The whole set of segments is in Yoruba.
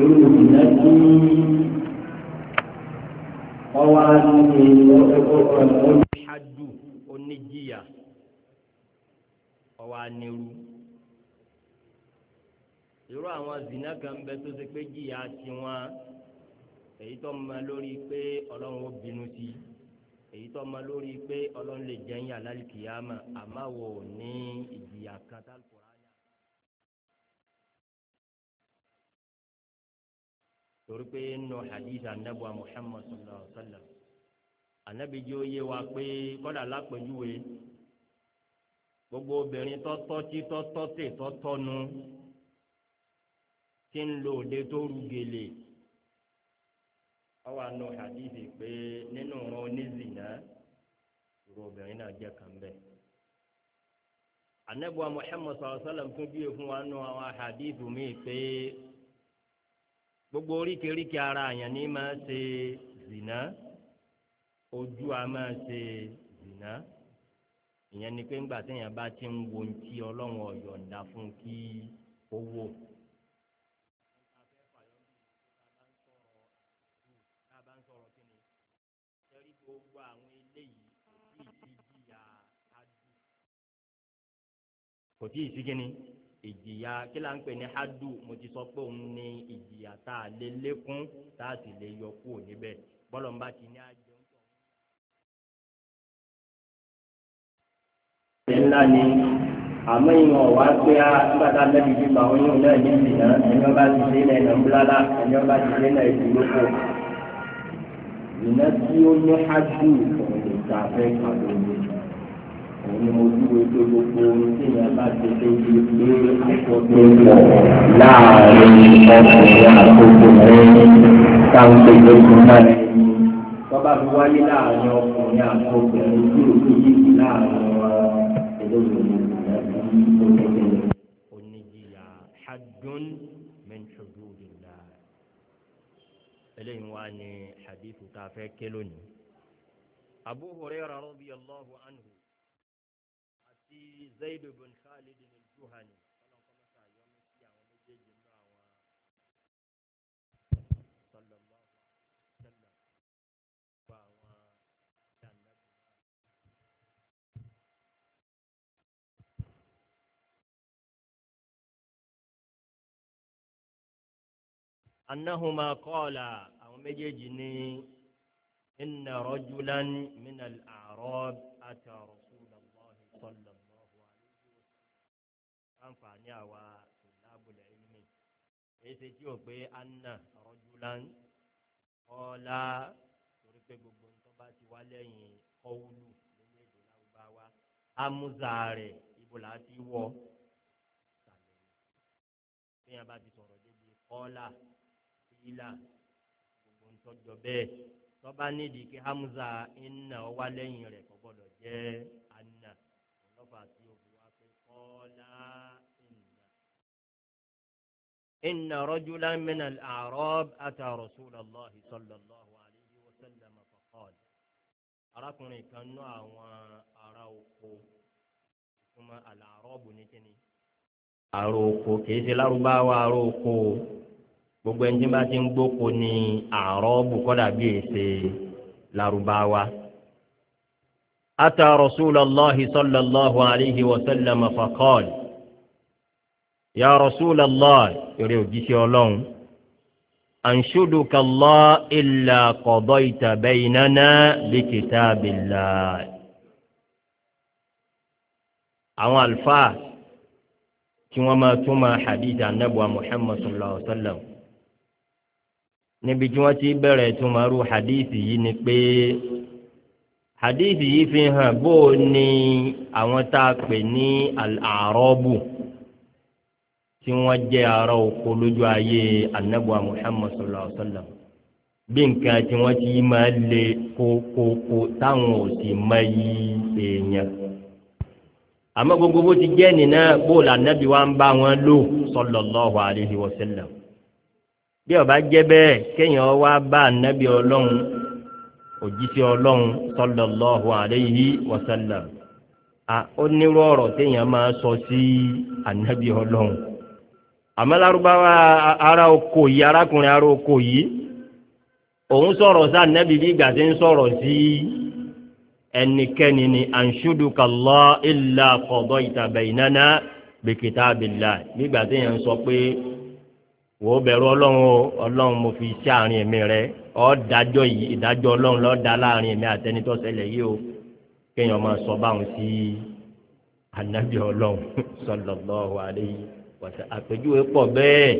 irú ìná tí wọ́n wá ní oníṣáájú oníjìyà ọwọ́ anirú irú àwọn zina kan bẹ tó ṣe pé jìyà tiwọn èyí tó ma lórí pé ọlọ́run ó bínú sí i èyí tó ma lórí pé ọlọ́run lè jẹ́yìn alálìkìyàmà àmàwò ní ìjìyà kan tálùkù. torí pé nínú hadith anabu muhammad sallallahu alaihi wa sallam anabi jẹ́ oyé wa pé kọ́dà lápẹ̀júwe gbogbo obìnrin tọ́tọ́tí tọ́tọ́tì tọ́tọ́nu tí ń lo òde tó ru gèlè ọwọ́ àna hadithi pé nínú ọ̀rọ̀ onízìnà ìrò obìnrin náà jẹ́ kàn bẹ́ẹ̀. anabu muhammad sallallahu alaihi wa sallam tún bí e fún wa nù àwọn hadithi mi pé gbogbo oríkèéríkè ara àyàn ní máa ṣe zìnà ojú a máa ṣe zìnà ìyẹn ni pé ńgbà téèyàn bá ti ń wo ohun tí ọlọ́run ọ̀yọ̀ǹda fún kí ó wò. kò tí ì sí kínní ìjìyà kí là ń pè ní hadu mo ti sọ pé òun ní ìjìyà tá a lè lékún tá a sì lè yọ kúrò níbẹ̀ bọ́lọ̀ ń bá ti ní àjọ. ńlá ni àmọ́ ìwọ̀n wá pé á gbàdá lẹ́bi bí bàwọn yóò náà ní ìsìnà ẹni ọba ti dé náà ẹ̀nà ńláńlá ẹni ọba ti dé náà ìdúró kù. ìná tí ó ní hadu òun lè fẹ́ kàdó ní ìmọ̀júwe tó gbogbo tíyẹn bá ti lé ilé àkọ́gbẹ́pọ̀ láàrin ọkùnrin àtòkùnrin táǹpé lókun náà ni. tọ́ba fi wáyé láàrin ọkùnrin àtòkùnrin tí ò fi yí sí láàrin ẹlẹ́wọ̀n oníjìyà hadun min hududillah eléyìí wá ní hadithu tá a fẹ́ ké àti zaid bin khalid al-juhani ọlọ́run kọ́ mọ́tà yọnu sí àwọn méjèèjì nínú àwọn sọlọ́mọ́ sẹ́lẹ̀ gbogbo àwọn jàǹdàbí. annahuma qala àwọn méjèèjì ní inna rajulan min al-a'rab ata rasul allah sallallahu àǹfààní àwa tòlábùlẹ̀ ilmi èsì tí o pé anna rajulan ọ̀la torí pé gbogbo nǹkan bá ti wá lẹ́yìn kọ́wúlù nínú èdè lárúbáwá amúzà rẹ̀ ibo là á ti wọ̀ sàlẹ̀ fíyàn bá ti sọ̀rọ̀ débi kọ́là fílà gbogbo nǹkan jọ bẹ́ẹ̀ tọ́ba nídìí kí hamza iná wá lẹ́yìn rẹ̀ kò gbọ́dọ̀ jẹ́ anna ọlọ́fà tí إن رجلا من الأعراب أتى رسول الله صلى الله عليه وسلم فقال أراكم كنوا وأراوكو ثم الأعراب نتني àròkò kìí ṣe lárúbáwá àròkò gbogbo ẹni tí bá ti ń أتى رسول الله صلى الله عليه وسلم فقال يا رسول الله يريد الله أنشدك الله إلا قضيت بيننا بكتاب الله àwọn àlùfáà tí wọ́n máa tún máa hadith anabuwa muhammad sallallahu alaihi wa sallam níbi tí wọ́n ti bẹ̀rẹ̀ tún máa rú hadith yìí ni pé hadith yìí fi hàn bó o ní àwọn tá a pè ní al-Arabu tí wọ́n jẹ́ ará oko lójú ayé anabuwa Muhammad sallallahu alaihi wa sallam bí nǹkan tí wọ́n ti máa le kókókó táwọn ò sì máa yí èèyàn àmọ́ gbogbo bó ti jẹ́ nìna bóòlù ànábì wa ń bá wọn lò sallallahu alaihi wa sallam bí ó jẹ́ bẹ́ẹ̀ kéèyàn wá bá ànábì ọlọ́run òjíṣẹ́ ọlọ́run sallallahu alayhi wa sallam ó nírú ọ̀rọ̀ téèyàn máa sọ sí ànábì ọlọ́run àmọ́ lárúbáwá ara oko yìí arákùnrin ara oko yìí òun sọ̀rọ̀ sí ànábì bí ìgbà tí ń sọ̀rọ̀ sí ẹnikẹ́ni ni anshudukallah illa qadaita baynana bi kitabillah nígbà téèyàn sọ pé wò ó bẹ̀rù ọlọ́run ọlọ́run mo fi ṣàárín ẹ̀mí rẹ̀ ọ̀ọ́dájọ́ yìí ìdájọ́ ọlọ́run lọ́ọ́ da láàrin èmi àtẹni tó ṣẹlẹ̀ yìí o kéèyàn máa sọ báwọn sí anabi ọlọ́run sallallahu alaihi wasallam àpèjúwe pọ̀ bẹ́ẹ̀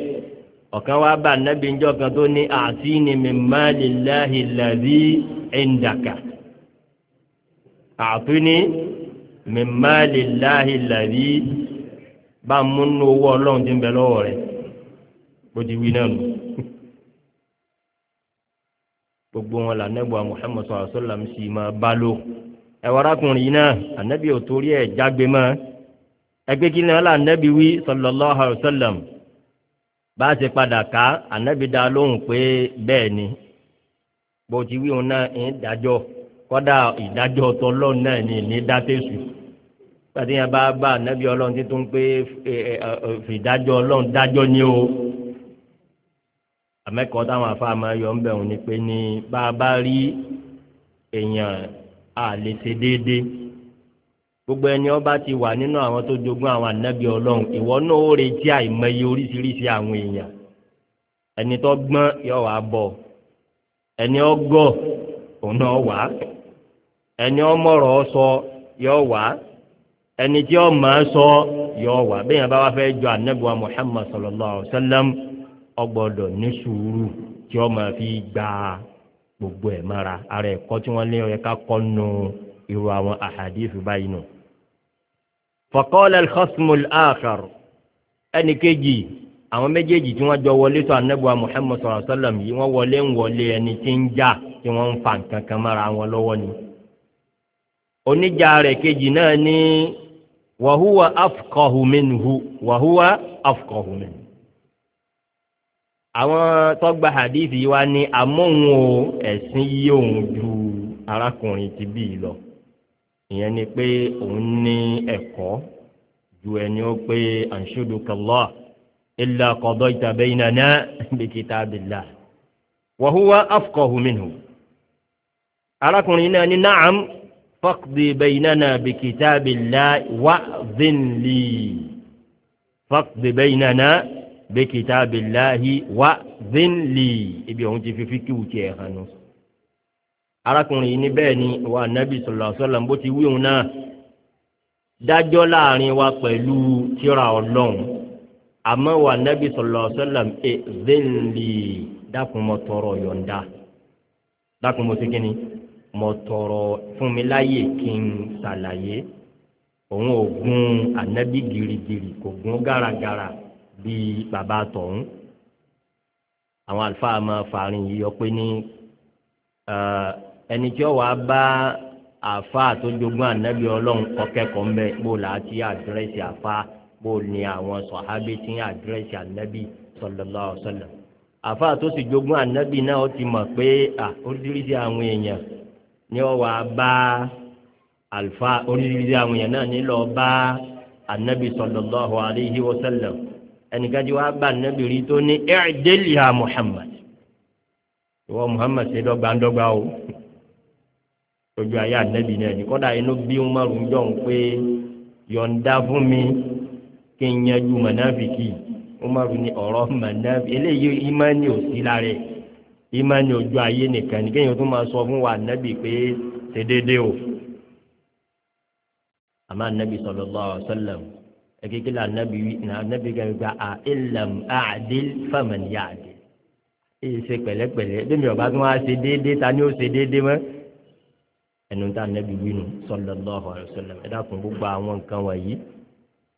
ọ̀kan wá bá anabi ńjọ́ kan tó ní àtìní min malillahi alladhi indaka àtìní min malillahi alladhi bá múnú owó ọlọ́run ti ń bẹ lọ́wọ́ rẹ̀ bó ti wí náà nù gbogbo wọn là nẹ́bù Muhammad sallallahu alaihi wasallam sì máa bá lò ẹ̀wọ̀ arákùnrin yìí náà ànábì ò torí ẹ̀ jágbe mọ́ ẹgbẹ́ kí ni wọ́n là nẹ́bì wí sallallahu alaihi wasallam bá a ṣe padà ká ànábì dá lóhùn pé bẹ́ẹ̀ ni bó ti wí òun náà ń dájọ́ kọ́dà ìdájọ́ tọ́lọ́ náà ni ní dátẹ́sù pàtẹ́yìn bá bá ànábì ọlọ́run títún pé fìdájọ́ ọlọ́run dájọ́ ni o àmẹ́kọ̀ọ́ táwọn afáà máa yọ ńbẹ̀ òun ni pé ní bá a bá rí èèyàn a lè ṣe déédéé gbogbo ẹni ọba ti wà nínú àwọn tó jogún àwọn ànábì ọlọ́run ìwọ náà ó retí àìmọye oríṣiríṣi àwọn èèyàn ẹni tó gbọ́n yọ wá bọ̀ ẹni ọgọ́ òun náà wá ẹni ọmọrọ̀ sọ yọ wá ẹni tí ọmọ sọ yọ wá bẹ́ẹ̀ yẹn bá wá fẹ́ jọ ànábì wa Muhammad sallallahu alayhi wa sallam ọgbọ́dọ̀ ní sùúrù tí ó máa fi gba gbogbo ẹ̀ mọ́ra ara ẹ̀kọ́ tí wọ́n lé ọ̀yẹ́ ká kọ́ nu irú àwọn àhàdíìsì báyìí nù. faqala al-khasm al-akhar ẹnì kejì àwọn méjèèjì tí wọ́n jọ wọlé tó anábùwà Muhammad sallallahu alaihi yìí wọ́n wọlé ń wọlé ẹni tí ń jà tí wọ́n ń fa nǹkan kan mọ́ra wọn lọ́wọ́ ni. oníjà rẹ̀ kejì náà ní wàhúwà afqahu wàhúwà afqahu àwọn tọ́gba hadith yìí wá ní amóhun o ẹ̀sìn yìí òun ju arákùnrin ti bí i lọ ìyẹn ni pé òun ní ẹ̀kọ́ ju ẹni ó pé anṣudukallah illa qadayta baynana bi kitabillah wa huwa afqahu minhu arákùnrin náà ní na'am faqdi baynana bi kitabillah wa'dhin li faqdi baynana bi kitabillahi wa zinli ibi òun ti fi fi kíwù tiẹ̀ hàn nù. arákùnrin yìí ní bẹ́ẹ̀ ni wa nabi sallallahu alaihi wasallam bó ti wí òun náà dájọ́ láàrin wa pẹ̀lú tírà ọlọ́run àmọ́ wa nabi sallallahu alaihi wasallam e zinli dákun mọ́ tọrọ yọ̀ǹda dákun mọ́ segin ni tọrọ fún kí n ṣàlàyé òun ò gun ànábì girigiri kò gun gàràgàrà bíi bàbá tọ̀hún àwọn àlùfáà máa fàárín yìí ọpẹ́ ní ẹni tí ó wà bá àfáà tó jogún ànábì ọlọ́run kọ́kẹ́kọ̀ọ́ mbẹ bó la ti àdírẹ́sì àfáà bó ni àwọn sọ̀hábí ti àdírẹ́sì ànábì sallallahu alaihi wasallam àfáà tó sì jogún ànábì náà ó ti mọ̀ pé oríṣiríṣi àwọn èèyàn ni ó wà bá àlùfáà oríṣiríṣi àwọn èèyàn náà ní lọ bá ànábì sallallahu alaihi wasallam ẹnìkan tí wàá gbà nẹ́bí rí tó ní ẹ̀ẹ́dẹ́lì ya Muhammad ìwọ Muhammad ṣe dọ́gbandọ́gba o ojú ayé ànẹ́bí náà ní kọ́dà inú bí Umaru ń jọ̀hún pé yọ̀ǹda fún mi kí n yanjú mọ̀nàfìkì Umaru ní ọ̀rọ̀ mọ̀nàfì eléyìí ìmánì ò sí lára ẹ̀ ojú ayé nìkan ní kéèyàn tó máa sọ fún wa ànẹ́bí pé ṣe déédéé o àmọ́ ànẹ́bí sallallahu alaihi wasallam ẹ̀kẹ́kẹ́ la nabi wi na anabi gàgbà à a àdìl fàmàn yà àdìl èyí ṣe pẹ̀lẹ́pẹ̀lẹ́ bẹ́ẹ̀ mi ọba tí wọ́n á ṣe déédéé ta ni ó ṣe déédéé mọ́ ẹnu tá anabi wi nù sallallahu alaihi wasallam ẹ dákun gbogbo àwọn nǹkan wọ̀nyí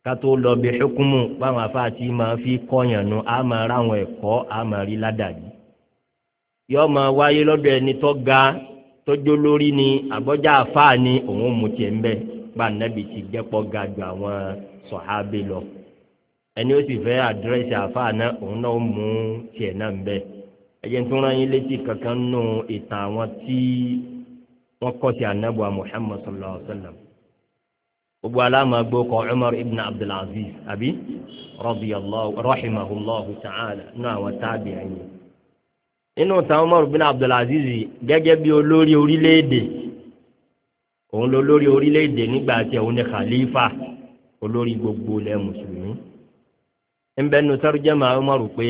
kátó lọ bí hukumu báwọn afáàtì máa fi kọyàn nu àmà ráwọn ẹ̀kọ́ àmà rí ládàbí yọọ máa wáyé lọ́dọ̀ ẹni tó ga lórí ni àbọjá àfáà ni òun mú tiẹ̀ ń bẹ ti jẹpọ ga ju sọ̀hábì lọ ẹni ó sì fẹ́ àdírẹ́sì àfáà náà òun náà mú tiẹ̀ náà ń bẹ̀ ẹ̀jẹ̀ tó rán yín létí kankan nù ìtàn àwọn tí wọ́n kọ́ sí anábùa Muhammad sallallahu alayhi wa sallam gbogbo alámàgbó kọ Umar ibn Abdulaziz àbí rahimahullahu ta'ala nù àwọn tábì'ín nínú táwọn Umar ibn Abdulaziz gẹ́gẹ́ bí olórí orílẹ̀-èdè òun ló lórí orílẹ̀-èdè nígbà tí òun ní khalifa olórí gbogbo ilẹ̀ mùsùlùmí ńbẹ́nu sọ́rọ́jẹ́mà ọmọrù pé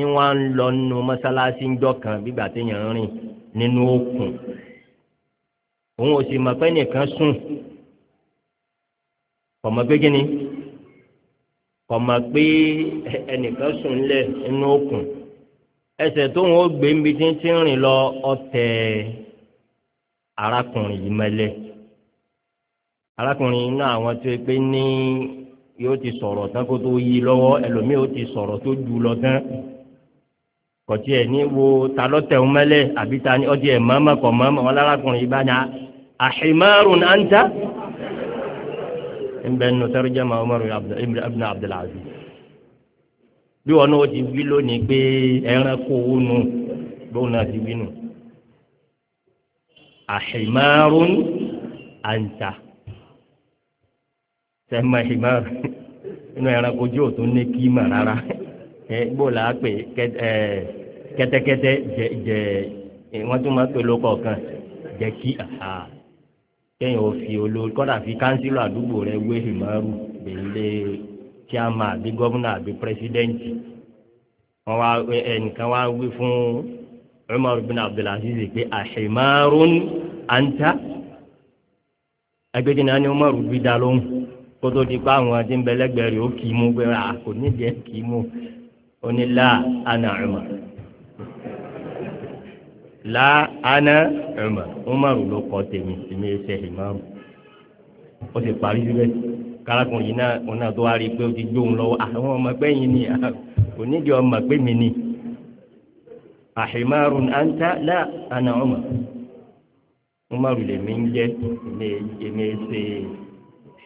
ìwà ń lọ nínú mọ́sálásí ńjọ́ kan gbígbà téèyàn rìn nínú òkun òun ò sì mọ̀ pé nìkan sùn kọ̀mọ́ pé kí ni kọ̀mọ̀ pé ẹnìkan sùn ńlẹ̀ nínú òkun ẹsẹ̀ tóun ó gbé ń bi tí ń rìn lọ ọ̀tẹ̀ arákùnrin yìí mẹ́lẹ́ arákùnrin inú àwọn tó pé ní yóò ti sọ̀rọ̀ tán kó tó yí lọ́wọ́ ẹlòmíì ó ti sọ̀rọ̀ tó jù lọ tán kọ̀tí ẹ̀ ní wo ta lọ́tẹ̀ ń mẹ́lẹ̀ àbí ta ní ọdí ẹ̀ mọ́mọ́ kọ̀ mọ́mọ́ wọn lárakùnrin yìí bá ní àhìmárùn anta ń bẹ nù sẹ́rìjẹ́ máa Umar ibn Abdul Aziz bí wọn náà ti wí lónìí pé ẹranko owó nu bóun náà ti wí nù àhìmárùn anta sẹ́mà ìmọ̀ inú ẹranko ojú ò tún ní kí mà rárá ẹ bó la pè ẹ kẹ́tẹ́kẹ́tẹ́ jẹ jẹ wọ́n tún máa pè lóko kan jẹ kí àhà kéèyàn ò fi olórí kọ́dà fi kánsílò àdúgbò rẹ wé ìmọ̀rù bèlè chairman àbí gọ́vùnà àbí pírẹsidẹ́ǹtì wọ́n wá ẹnìkan wá wí fún Umar bin Abdulaziz pé àṣemáàrún àǹtá ẹgbẹ́jìnnà ni Umar bí dá lóhùn kótó di pa àwọn tí ń bẹ lẹ́gbẹ̀ẹ́ rẹ̀ ó kì í mú pé à kò nídìí ẹ̀ kì í mú ó ní là ánà Umar là ánà Umar Umaru ló kọ́ tèmi tèmi ẹsẹ̀ ìmọ̀rù ó sì parí síbẹ̀ kálákùn yìí náà òun náà tó wá rí i pé ó ti gbé òun lọ́wọ́ àwọn ọmọ ẹgbẹ́ yìí ni kò nídìí ọmọ ẹgbẹ́ mi ni àhìmáàrún àǹtá là ánà Umar Umaru lèmi ń jẹ́ èmi ṣe.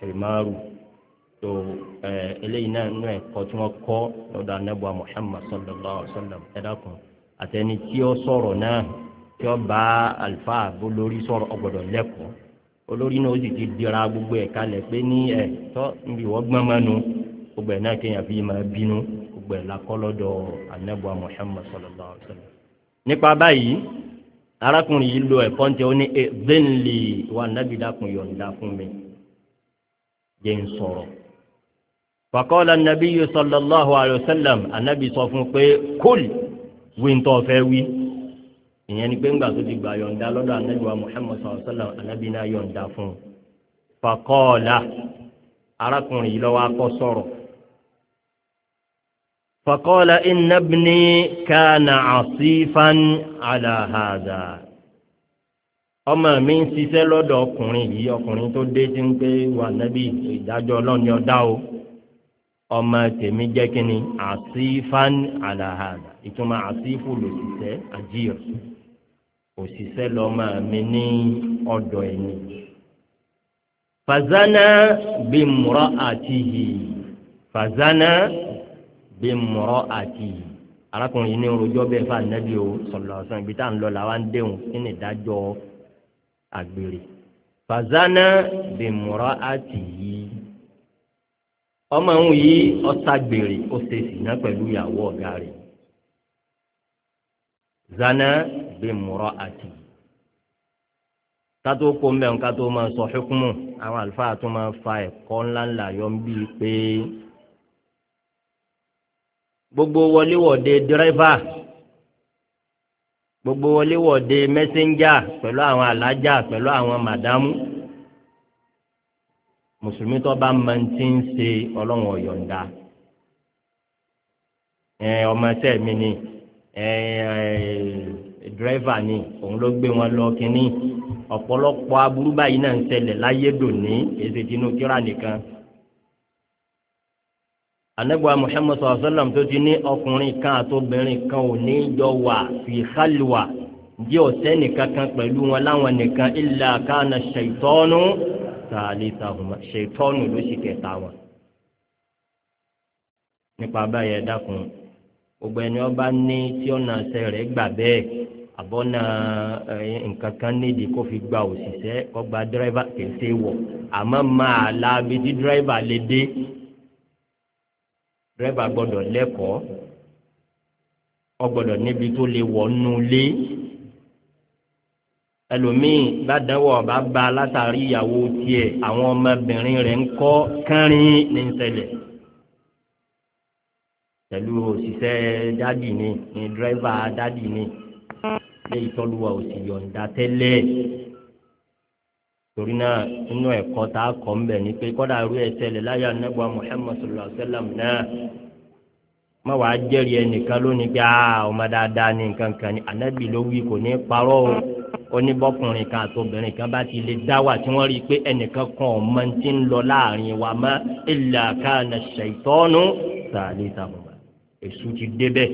himaru tó eh, eléyìí náà nínú ẹ̀kọ́ tí wọ́n kọ́ lọ́dọ̀ anábọ̀ muhammad sallallahu alayhi wa sallam ẹ dákun àtẹni tí ó sọ̀rọ̀ náà tí ó bá àlùfáà olórí sọ̀rọ̀ ọgbọ̀dọ̀ lẹ́kọ̀ọ́ olórí náà ó ti dira gbogbo ẹ̀ kalẹ̀ pé ní ẹ̀ tọ́ níbi ìwọ́ gbọ́n gbogbo ẹ̀ náà kéèyàn fi máa bínú gbogbo ẹ̀ lakọ́ lọ́dọ̀ muhammad sallallahu alayhi wa sallam nípa báyìí arákùnrin yìí lo jẹ́ ń sọ̀rọ̀. fàkọ́lá nàbí yìí sallallahu alayhi wa sallam ànábì sọ fún pé kúl wí ń tọ́ fẹ́ wí. ìyẹn ni pé ńgbà tó ti gbà yọ̀ǹda lọ́dọ̀ ànábì wa muhammad sallallahu alayhi wa sallam ànábì náà yọ̀ǹda fún fàkọ́lá arákùnrin yìí lọ́wọ́ akọ́ sọ̀rọ̀. fàkọ́lá inna ibni kana asifan ọmọ mi ń ṣiṣẹ́ lọ́dọ̀ ọkùnrin yìí ọkùnrin tó dé tí ń pé wà nábì ìdájọ́ ọlọ́run ni ọ̀dá o ọmọ tèmi jẹ́ kí ni àṣìfán àlàhàdà ìtumọ̀ àṣìfù lòṣìṣẹ́ àjíyọ̀ òṣìṣẹ́ lọ́mọ mi ní ọ̀dọ̀ ẹ̀yìn. fàzánà bí mùrọ̀ àti yìí fàzánà bí mùrọ̀ àti yìí arákùnrin yìí ní rojọ́ bẹ́ẹ̀ fà nábì o sọ̀rọ̀ ibi tá à ń lọ làwọn ń déhùn kí ni ìdájọ́ àgbèrè fàzánà bìmùrọ̀ àti yìí ọmọ òun yìí ọ̀sàgbèrè ó ṣe sìnà pẹ̀lú ìyàwó ọ̀gá rẹ̀ zana bìmùrọ̀ àti yìí kátó kó mbẹ́hùn kátó máa sọ hukumu àwọn àlùfáà tó máa fa ẹ̀kọ́ ńláńlá yọ ń bíi pé gbogbo wọléwọ̀de dírẹ́fà gbogbo wọléwọ̀de mẹ́sẹ́ńjà pẹ̀lú àwọn alájà pẹ̀lú àwọn màdámù mùsùlùmí tó bá máa ń ti ń ṣe ọlọ́run ọ̀yọ̀ǹda ọmọ ẹsẹ̀ mi ni dírẹ́fà ni òun ló gbé wọn lọ kínní ọ̀pọ̀lọpọ̀ aburú báyìí náà ń ṣẹlẹ̀ láyé dòní èsì tinú kíra nìkan anagba muhammad sallallahu alaihi wa sallam tó ti ní ọkùnrin kan àtobìnrin kan ò ní jọ wà fi khalwa jẹ́ ọ̀sẹ́ nìkan kan pẹ̀lú wọn láwọn nìkan illa kana ṣètọ́nù tààlítàhùmá ṣètọ́nù ló sì kẹta wọn. nípa báyẹn ẹ dákun gbogbo ẹni ọba ní tí ọ̀nà ṣe rẹ̀ gbà bẹ́ẹ̀ àbọ̀nà nǹkan kan nídìí kó fi gba òṣìṣẹ́ kó gba dírẹ́fà kìí ṣe wọ̀ àmọ́ máa la bí tí lè dé dírẹ́bà gbọ́dọ̀ lẹ́kọ̀ọ́ ọ gbọ́dọ̀ níbi tó lè wọnú lé ẹlòmíì gbàdánwò ọba bá látàrí ìyàwó tiẹ̀ àwọn ọmọbìnrin rẹ̀ ń kọ́ kánrin ní ṣẹlẹ̀ pẹ̀lú òṣìṣẹ́ dádì ni ní dírẹ́bà dádì ni lẹ́yìn tọ́lúwa òsì yọ̀ǹda tẹ́lẹ̀ torí náà inú ẹ̀kọ́ tá a kọ́ ń bẹ̀ ni pé kọ́dà rú ẹsẹ̀ lè láyà nẹ́gbà Muhammad sallallahu alayhi wa sallam náà má wàá jẹ́rìí ẹnìkan lónìí pé ọmọ dáadáa ní nǹkan kan ni ànábì ló wí kò ní parọ́ o oníbọ́kùnrin kan àtobìnrin kan bá ti lè dá wà tí wọ́n rí i pé ẹnìkan kan ọmọ ti ń lọ láàrin wa mọ́ illa kana shaytanu salisahuma èṣù ti débẹ̀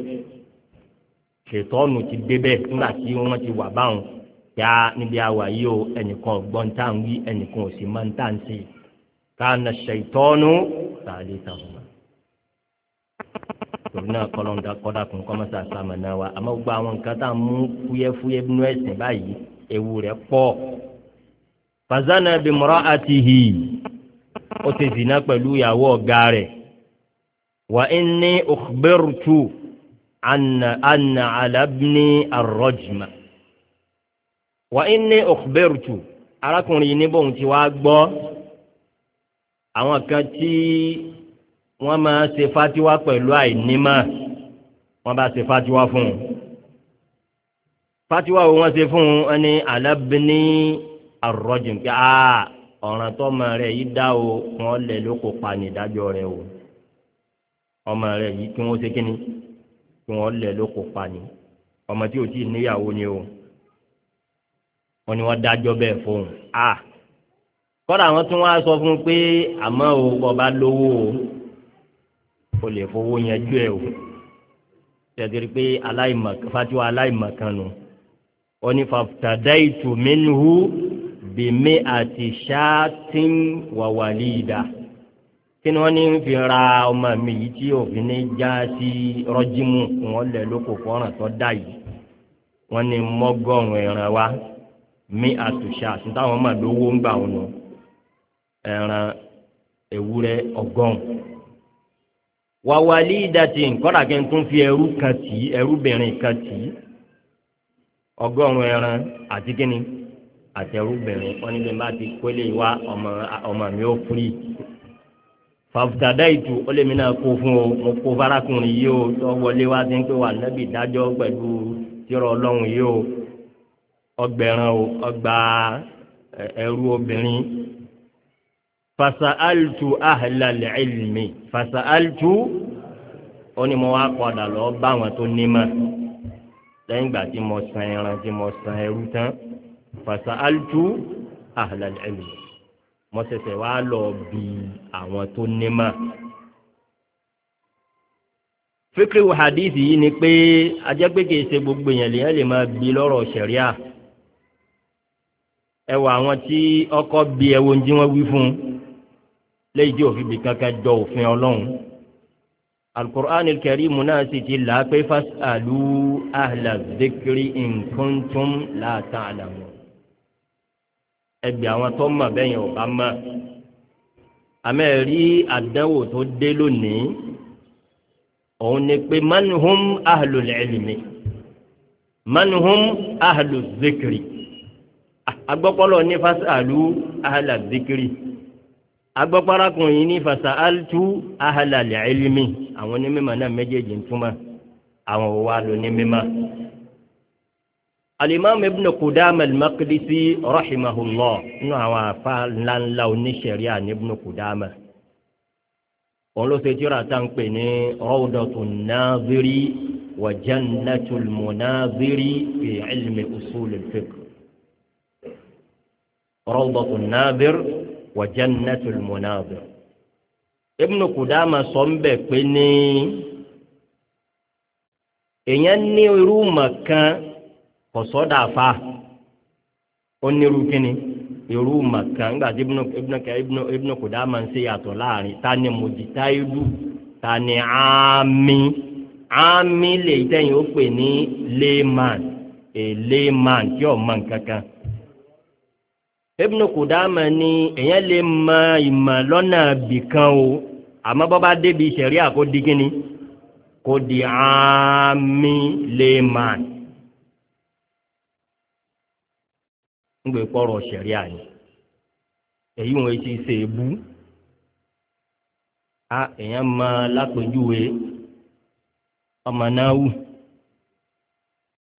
ṣètọ́nù ti débẹ̀ nígbà tí wọ́n ti wà báwọn yá níbi àwà yìí o ẹnìkan ọ̀gbọ́n tá à ń wí ẹnìkan ò sì máa ń tà ń sè káàna ṣètọ́nù tààlé tàwọn. torí náà kọ́lọ́ńdà kọ́dà kún kọ́mọ́sà sàmànà wa àmọ́ gbogbo àwọn nǹkan tá à ń mú fúyẹ́fúyẹ́ nínú ẹ̀sìn báyìí ewu rẹ̀ pọ̀. fàzánà bí mọ́rọ́ àti hì ó ti zìnà pẹ̀lú ìyàwó ọ̀gá rẹ̀ wà ní ọ̀gbẹ́rùtù àna àlàbìnrin àrọ́jìmá wà á ní ọ̀kùbẹ́rùtù arákùnrin yìí níbòun ti wá gbọ́ àwọn kan tí wọ́n máa ṣe fatiwa pẹ̀lú àìnímọ̀ wọ́n bá ṣe fatiwa fún un fatiwa wo wọ́n ṣe fún un ẹni alábìíní àrọ́jìn pé aa ọ̀ràn tọ́mọ rẹ̀ yìí dá o wọ́n lẹ̀ ló kó pa nídájọ́ rẹ̀ o ọmọ rẹ̀ yìí kí wọ́n ṣe kíni kí wọ́n lẹ̀ ló kó pa ní ọmọ tí o ti níyàwó ni o wọn ni wọ́n dájọ́ bẹ́ẹ̀ fóun a kọ́dà wọn tún wá sọ fún un pé àmọ́ o bọ́ba lówó o o lè fowó yanjú ẹ o tẹ̀síri pé aláìmọ̀kan fatiwa aláìmọ̀kan nù ó ní fàtàdáìtù minhu bèmí àti ṣáàtìn wàwàlídà kí ni wọ́n ní fi ra ọmọ mi yìí tí òfin ní já sí rọ́jímù wọn lẹ̀ lóko fọ́ràn tó dá yìí wọ́n ní mọ́gọ́rùn-ún ẹ̀ràn wa mi àtúnṣe àti táwọn máa lówó ń gbà wọn nù ẹran ewúrẹ́ ọgọ́rùn. wàwálí ìdàtí nkọ́dà kí n tún fi ẹrú kan tì í ẹrúbìnrin kan tì í ọgọ́rùn ẹran àti kíni àtẹrúbìnrin wọn níbi bá ti pélé wá ọmọ ọmọ mi ó fúri fàfùtàdá ìtù ó lè mi náà kó fún o mo kó farakùnrin yìí o tó wọlé wá sí ń pè wà nábì dájọ́ pẹ̀lú tíọ́rọ̀ ọlọ́run yìí o ọgbẹ̀ràn o ọgbà ẹrú obìnrin fasa altu ahla ilmi fasa altu ó ní mo wá padà lọ bá àwọn tó ní mọ̀ lẹ́yìn ìgbà tí mo san ẹran tí mo san ẹrú tán fasa altu ahla ilmi mo ṣẹ̀ṣẹ̀ wá lọ bí àwọn tó ní mọ̀ fíkìrì hadith yìí ni pé ajẹ́pẹ́ kìí ṣe gbogbo èèyàn lèyàn lè máa bí lọ́rọ̀ ṣẹ̀ríà ẹwà àwọn tí ọkọ bí ẹwọ ń jí wọn wí fún lẹ́yìn tí òfin bì kankan jọ òfin ọlọ́run alukur'an kẹrìmù náà sì ti là á pé fasalu ahla zikiri in kuntum la ta'lamu ẹgbẹ́ àwọn tó mọ̀ bẹ́yẹn ò bá mọ̀ àmẹ́ rí àdánwò tó dé lónìí òun ni pé manhum ahlul ilmi manhum ahlul zikiri agbọ́pọ́lọ́ ní fasalu ahala zikiri agbọ́parakùnrin ní fasaltu ahala lẹ́ẹ̀lìmí àwọn onímọ̀ náà méjèèjì ń túmọ̀ àwọn òwò àlò ní mímọ̀. alimami ibn kudama al-maqdisi rahimahullah nínú àwọn afa ńláńlá oníṣẹ̀ríà ní ibn kudama òun ló ṣe tíra tá ń pè ní rawdatun naziri wa jannatul munaziri fi ilmi usul al-fiqh rawdatun nadir wa jannatul munadir Ibn Qudama sọ ń bẹ̀ pé ní èèyàn ní irú màkàn kò sọ́dà fa ó ní irú kíni irú màkàn nígbà tí Ibn Qudama ń ṣe yàtọ̀ láàrin ta ni mujtahidu ta ni àmì àmì lè tẹ̀yìn ó pè ní layman a layman tí ò mọ̀ nǹkan kan. Ibn Qudama ní èyàn lè mọ ìmọ̀ lọ́nà bìkan o àmọ́ bọ́ bá débi ìṣẹ̀rí àkódí kíni kò di àmì lè mà ń gbé pọ́rọ̀ ṣẹ̀rí àyè èyí wọn ti ṣe é bú a èèyàn mọ lápèjúwe ọmọ náà wù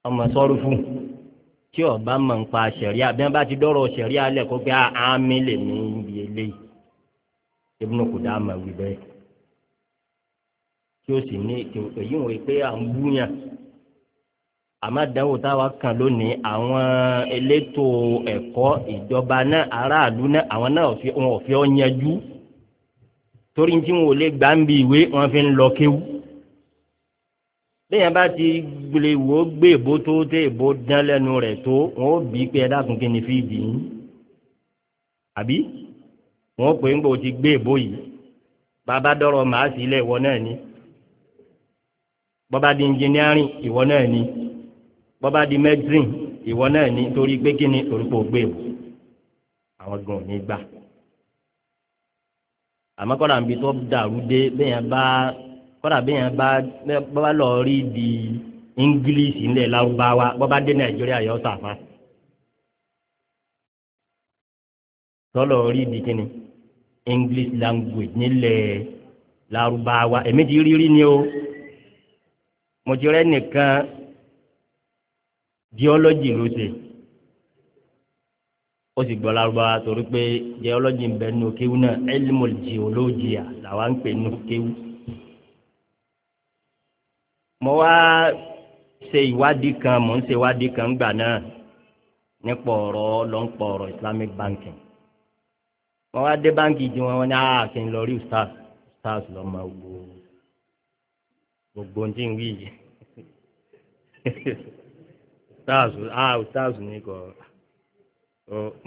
ọmọ sọ́rùfù tí ọba mọ̀ ń pa ṣẹ̀ríà bí wọ́n bá ti dọ́rọ̀ ṣẹ̀ríà lẹ̀ kó pé ah, àmì lè ní ibi eléyìí Ibn Qudama wí bẹ́ẹ̀ tí ó sì ní èyí wọ̀nyí pé à ń búyàn àmọ́ àdánwò táwa kan lónìí àwọn elétò ẹ̀kọ́ ìjọba náà aráàlú náà àwọn náà wọn ò fi ọ́ yanjú torí tí wọn ò lè gbà ń bi ìwé wọn fi ń lọ kéwú bẹ́ẹ̀ bá ti gbèlè wò ó gbé èbó tó tẹ èbó dán lẹ́nu rẹ̀ tó wọ́n ó bí pé ẹ dákun kí ni fi dì í àbí wọ́n pè ń gbò ti gbé èbó yìí bàbá dọ̀rọ̀ màá sí ilé ìwọ náà ni bọ́bá di engineering ìwọ náà ni bọ́bá di medicine ìwọ náà ni torí pé kí ni orúkọ gbé èbó àwọn gan ní gbà àmọ́ kọ́ra nbí tó dàrú dé bẹ́ẹ̀ bá kọ́dà bí yẹn bá bá lọ rí di English ńlẹ̀ lárúbáwá bọ́ bá dé Nàìjíríà yọ sàfà tọ́lọ̀ rí di kíni English language nílẹ̀ lárúbáwá èmi ti rírí ni o mo ti rẹ́ nìkan geology ló ṣe ó sì gbọ́ lárúbáwá torí pé geology ń bẹ nù kéwú náà elmol geologia làwa ń pè nù kéwú mo wá ṣe ìwádìí kan mò ń ṣe ìwádìí kan gbà náà nípa ọ̀rọ̀ lọ́npọ̀ ọ̀rọ̀ islamic banking mo wá dé báńkì jí wọn wọn ní àkè ah, ń lọ rí stars ustaz lọ́mọ gbogbo gbogbo tí ń wí yìí ustaz ah stars ní kò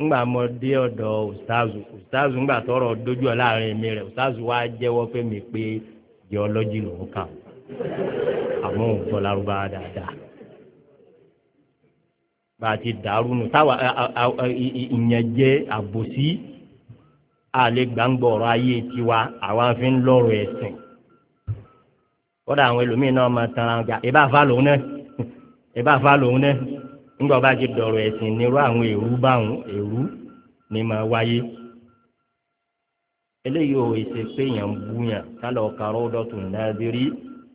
ńgbà mo dé ọ̀dọ̀ ustaz ustaz ńgbà tọrọ dojú ọ láàrin mi rẹ ustaz wá jẹ́wọ́ fẹ́mi pé geology lòún kà ó àwọn ò gbọ́ lárúbá dáadáa bá a ti dàrú nù táwa ìyẹn jẹ́ àbòsí àlè gbàǹgbọ̀ ọ̀rọ̀ ayé tiwa àwa fi ń lọ́rọ̀ ẹ̀sìn kódà àwọn ẹlòmíín náà máa tan ara ìbá fa lòun náà ìbá fa lòun náà nígbà bá ti dọ̀rọ̀ ẹ̀sìn nírú àwọn èrú báwọn èrú ni máa wáyé eléyìí ò ṣe pé èèyàn ń búyàn kálọ̀ karọ́ dọ̀tún a bí rí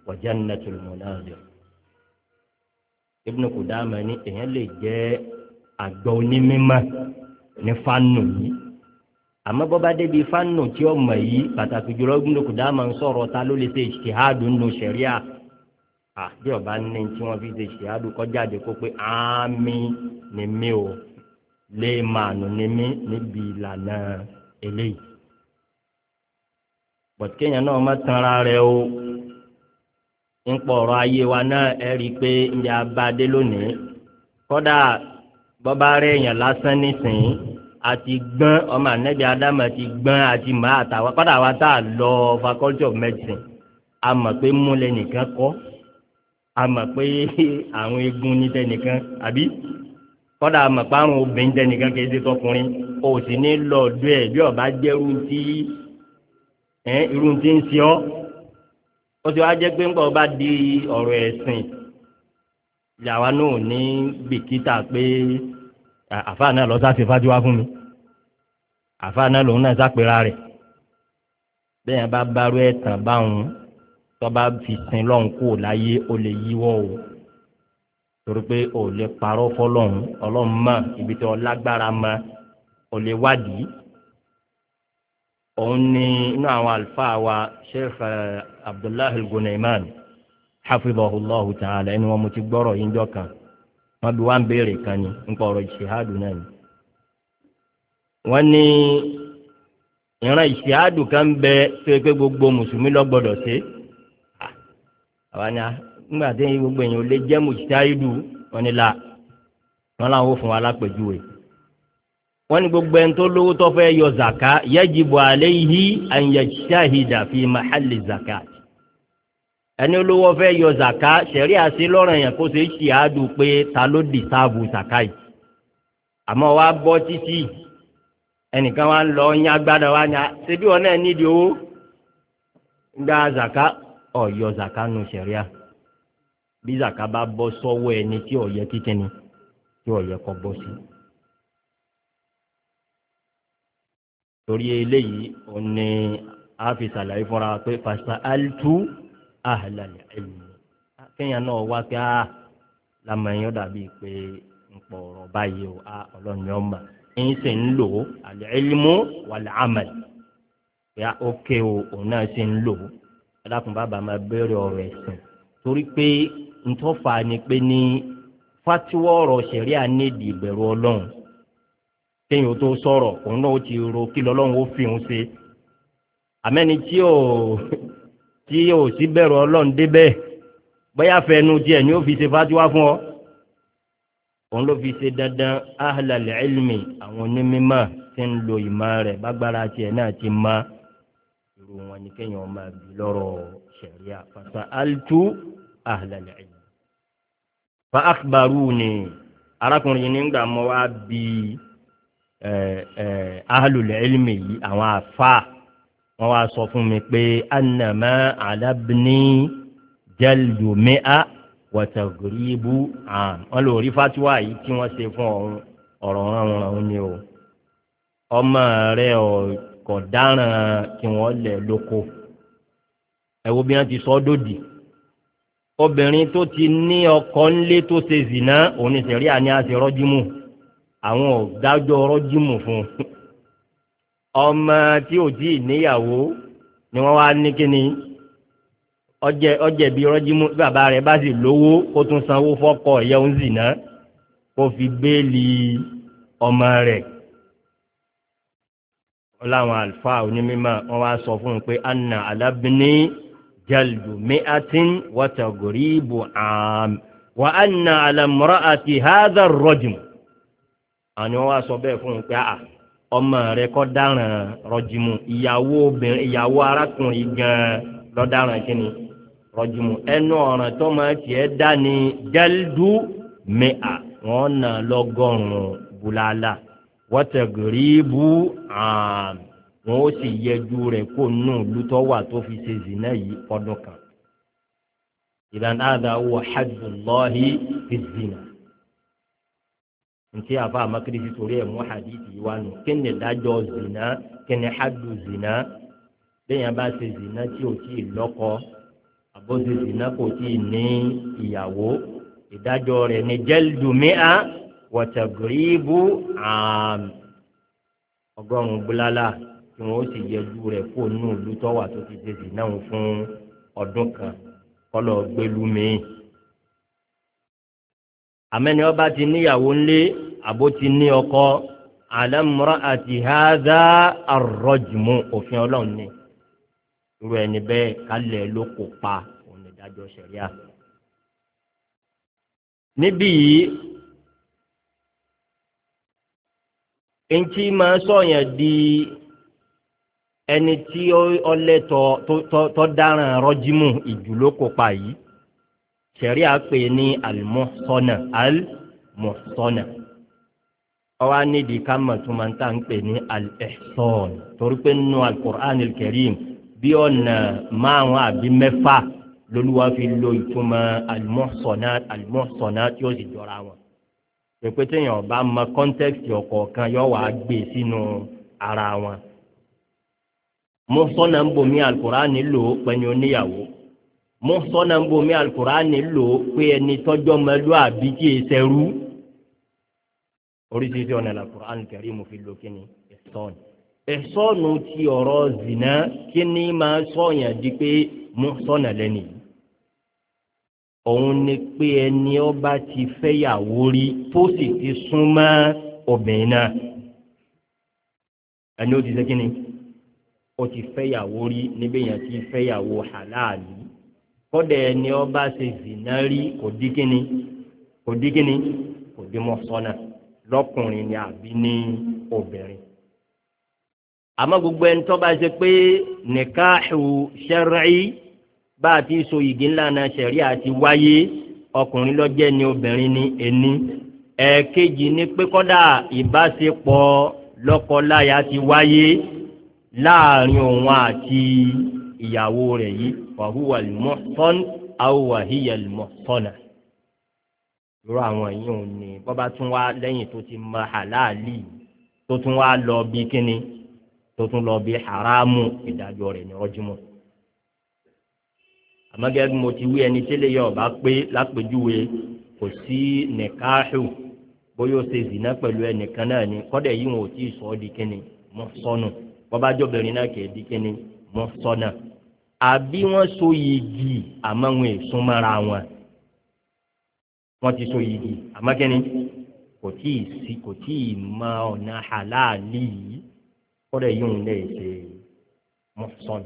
wa jannatul munazir Ibn Qudama ní èèyàn lè jẹ́ àgbà onímọ̀ ní fánù yìí àmọ́ bọ́ bá débi fánù tí ó mọ̀ yìí pàtàkì jùlọ Ibn Qudama ń sọ̀rọ̀ ta ló lè ṣe ìṣèhádùn nù sẹ̀ríà àbí ọba ní tí wọ́n fi ṣe ìṣèhádùn kọjáde kó pé àmì ni mí o lè máa nù ni mí níbi ìlànà eléyìí bọ̀tíkẹ́yìn náà má tanra rẹ o nípa ọ̀rọ̀ ayé wa náà ẹ rí i pé ní abadé lónìí kódà bọ́bá rẹ̀ èèyàn lásán nísìnyí àti gbọ́n ọmọ ànẹ́bí adámọ̀ ti gbọ́n àti mọ́ àtàwọn kódà wa tá lọ faculty of medicine a mọ̀ pé múlẹ̀ nìkan kọ́ a mọ̀ pé àwọn eegun ní tẹnìkan àbí kódà a mọ̀ pé àwọn obìnrin tẹnìkan kì í ṣe tọkùnrin o sì ní lọ́ọ̀dọ́ ẹ̀ bí ọba jẹ́rú ti irú ti ń ṣe ọ́ ó ti wá jẹ́ pé ńgbà bá di ọ̀rọ̀ ẹ̀sìn yàwa náà ní bìkítà pé àfa náà lọ sáfì fájúwá fún mi àfa náà lòun náà sápẹ́ra rẹ̀ bẹ́ẹ̀ yẹn bá bárú ẹ̀ tàn báwọn tọ́ba fi sin lọ́hùn kó láyé ó lè yíwọ́ o torí pé o lè parọ́ fọlọ́hún ọlọ́run mọ̀ ibi tí ọ lágbára mọ̀ lè wádìí òun ni inú àwọn àlùfáà wa sheikh eh, abdullahi gunaiman hafizahu allah ta'ala ẹni wọn mo ti gbọ́rọ̀ yín jọ kan wọn bí wọn béèrè kan ni nípa ọ̀rọ̀ ìṣèhádù náà ni. wọ́n ní ìran ìṣèhádù kan bẹ tó yẹ pé gbogbo mùsùlùmí lọ gbọ́dọ̀ ṣe àwa ni nígbà tí gbogbo èèyàn ò lè jẹ́ mùsùlùmí wọn ni la wọn làwọn ò fún wa lápèjúwe. La wọ́n ní gbogbo ẹni tó lówó tó fẹ́ yọ zaka yajibu alayhi an yajtahida fi mahalli zaka ẹni olówó fẹ́ yọ zaka sẹ̀rí àti lọ́rọ̀ yẹn kó ṣe é ṣì áàdù pé ta ló dì sáàbù zaka yìí àmọ́ wa bọ́ títí ẹnìkan wa ń lọ ń yágbádá wa ní ṣebí wọn náà nídìí owó gba zaka ọ̀yọ́ zaka nù sẹ̀ríà bí zaka bá bọ́ sọ́wọ́ ẹni tí ó yẹ kíkẹ́ni tí ó yẹ kó bọ́ sí i. torí eléyìí ó ní àfi ṣàlàyé fúnra pé pàṣẹ àlùtù àhàlàlẹ ẹlù kéèyàn náà wá pé a lamọ ẹyìn ó dàbí pé ń pọ ọ̀rọ̀ báyìí o a Ọlọ́run yóò mà ń sì ń lò ó àlẹ ẹlùmọ wàlẹ àmàlẹ pé a ó ké o òun náà sì ń lò ó ẹ bàbá máa béèrè ọ̀rọ̀ ẹ̀sìn torí pé ntọ́fà ni pé ní fatiwọ́ ọ̀rọ̀ ṣẹ̀ríà nídìí ìbẹ̀rù Ọlọ́run kéèyàn tó sọ̀rọ̀ òun náà ti ro kí lọ́lọ́run ó fi òun ṣe àmẹ́ni tí ò tí ò sí bẹ̀rù ọlọ́run débẹ̀ bóyá fẹnu tiẹ̀ ni ó fi ṣe fatiwa fún ọ òun ló fi ṣe dandan ahlal ilmi àwọn onímọ̀ tí ń lo ìmọ̀ rẹ̀ bágbára tiẹ̀ náà ti mọ irú wọn ni kéèyàn máa bí lọ́rọ̀ ṣẹ̀ríà fasa altu ahlal ilmi fa akhbaruni arákùnrin yìí nígbà mọ́ wá bíi ahlulẹ̀ ilmi yìí àwọn àfáà wọ́n wá sọ fún mi pé anamá alábìní jẹ́lùmíà wọ̀tẹ̀gìrìbù àm wọ́n lò rí fatiwa yìí tí wọ́n ṣe fún ọ̀run ọ̀rọ̀ ránran ránran ni o ọmọ rẹ kò dáràn kí wọ́n lẹ̀ lóko ẹ bí wọ́n ti sọ dòdì obìnrin tó ti ní ọkọ ńlé tó ṣe zìnà òun ní sẹ̀ríà ni a àwọn ò dájọ́ ọ̀rọ̀ jímù fún un ọmọ tí ò tí ì níyàwó ni wọ́n wá ní kíni ọjẹ ọjẹ bíi rọjímù bàbá rẹ̀ bá sì lówó ó tún sanwó fọ́kọ ìyá òun sì ná kó fi béèlì ọmọ rẹ̀ láwọn àlùfáà onímọ̀ wọn wá sọ fún un pé anna alábìíní jaldu mi'atin wa tagribu am wa anna ala imra'ati hadha ar àní wọn wá sọ bẹ́ẹ̀ fún un pé à ah, ọmọ rẹ kọ dáràn rọjìmù ìyàwó obìnrin ìyàwó arákùnrin gan lọ dáràn kíni rọjìmù ẹnu ọ̀ràn tó máa tiẹ̀ dá ní jẹldu mẹ́à wọn nà lọ́gọ́rùn bulala wọtẹgìrìbù àm wọn ó sì yẹjú rẹ kó nù lútọ wà tó fi ṣe zina yìí ọdún kan ìlànà àdáwò hajjulahi fi zina ntí afa amakirisi torí ẹ mú hadithi wa nù kíni dájọ́ zina kíni hadu zina bẹ́ẹ̀ bá ṣe zina tí o ti lọ́kọ àbó ṣe zina kò tí ì ní ìyàwó ìdájọ́ rẹ̀ ní jẹ́ldùmíà wọ̀tẹ̀gìrìbù àm ọgọ́rùn-ún búlálà tí wọ́n sì yẹjú rẹ̀ kó nù lútọ́ wà tó ti ṣe zina wọn fún ọdún kan kọ́lọ̀ gbẹ́lú àmẹ́ni ọba ti níyàwó ńlẹ́ àbótí ní ọkọ àlámúra àti hádà àrọ́jùmọ́ òfin ọlọ́run ni irú ẹni bẹ́ẹ̀ kálẹ̀ ló kó pa òun ìdájọ́ sẹ̀ríà. níbí yìí eŋti máa sọ̀yàn di ẹni tí ọlẹ́tọ̀ tó dáràn rọ́jímù ìjù yìí sẹ̀ríà pè ní àlùmọ́sọ́nà àlùmọ́sọ́nà ọwọ́ anídìí ká mọ̀ tó máa ń tà ń pè ní al-ihsan torí pé nínú al-Qur'an al-Karim bí ọ̀nà márùn-ún àbí mẹ́fà lolúwa fi lo ìtumọ̀ al-muhsanat al-muhsanat tí ó sì jọra wọn. pèpè téèyàn bá mọ kọ́ńtẹ́kìtì ọ̀kọ̀ọ̀kan yóò wá gbé e sínú ara wọn. muhsana ń bomi al-Qur'an lò pẹ̀lú oníyàwó muhsana ń bomi al-Qur'an lò pé ẹni tọ́jọ́ mẹ́lú àbí kí ẹ sẹ́rú oríṣiríṣi ọ̀nà la Qur'an Karim fi lo kíni ẹ̀sọ́ọ̀nù ẹ̀sọ́ọ̀nù ti ọ̀rọ̀ zina kíni máa sọ̀yàn di pé mú sọ̀nà lẹ́nu yìí òun ni pé ẹni ọba ti fẹ́yàwó rí tó sì ti súnmọ́ obìnrin náà ẹni ó ti ṣe kíni ó ti fẹ́yàwó rí níbi yẹn ti fẹ́yàwó halali kọ́dà ẹni ọba ṣe zina rí kò di kíni kò di kíni kò di mọ́ sọ́nà. So lọ́kùnrin ni àbí ní obìnrin. àmọ́ gbogbo ẹni tó bá ṣe pé nìkáàhù ṣẹ́rẹ́ì bá a ti so igi ńlá náà ṣẹ̀rí àti wáyé ọkùnrin lọ́jẹ́ ni obìnrin ni ẹni. ẹ̀ẹ̀kejì ni pé kọ́dà ìbáṣepọ̀ lọ́kọ-láya ti wáyé láàrin òun àti ìyàwó rẹ̀ yìí wàhúwà lùmọ́ tọ́n tọ́nà irú àwọn yìí ò ní bọ́bá tún wá lẹ́yìn tó ti mọ àláàlì tó tún wá lọ bí kíni tó tún lọ bí haramu ìdájọ́ rẹ̀ ní ọjọ́mọ́ àmọ́gẹ́ mo ti wí ẹni tí lè yọ ọba pé lápèjúwe kò sí nìkaáhù bóyá ó ṣe zìnà pẹ̀lú ẹnìkan náà ni kọ́dẹ̀ yìí wọn ò tí ì sọ ọ́ di kíni mọ́ sọ́nù bọ́bá jọ́bìnrin náà kì í di kíni mọ́ sọ́nà àbí wọ́n so yìí gì àmọ́ wọn èso wọ́n ti so yìí àmọ́ kẹ́ni kò tí ì sí kò tí ì mọ ọ̀nà àláàlì yìí kọ́dọ̀ yìí ń lè ṣe mọ́sán.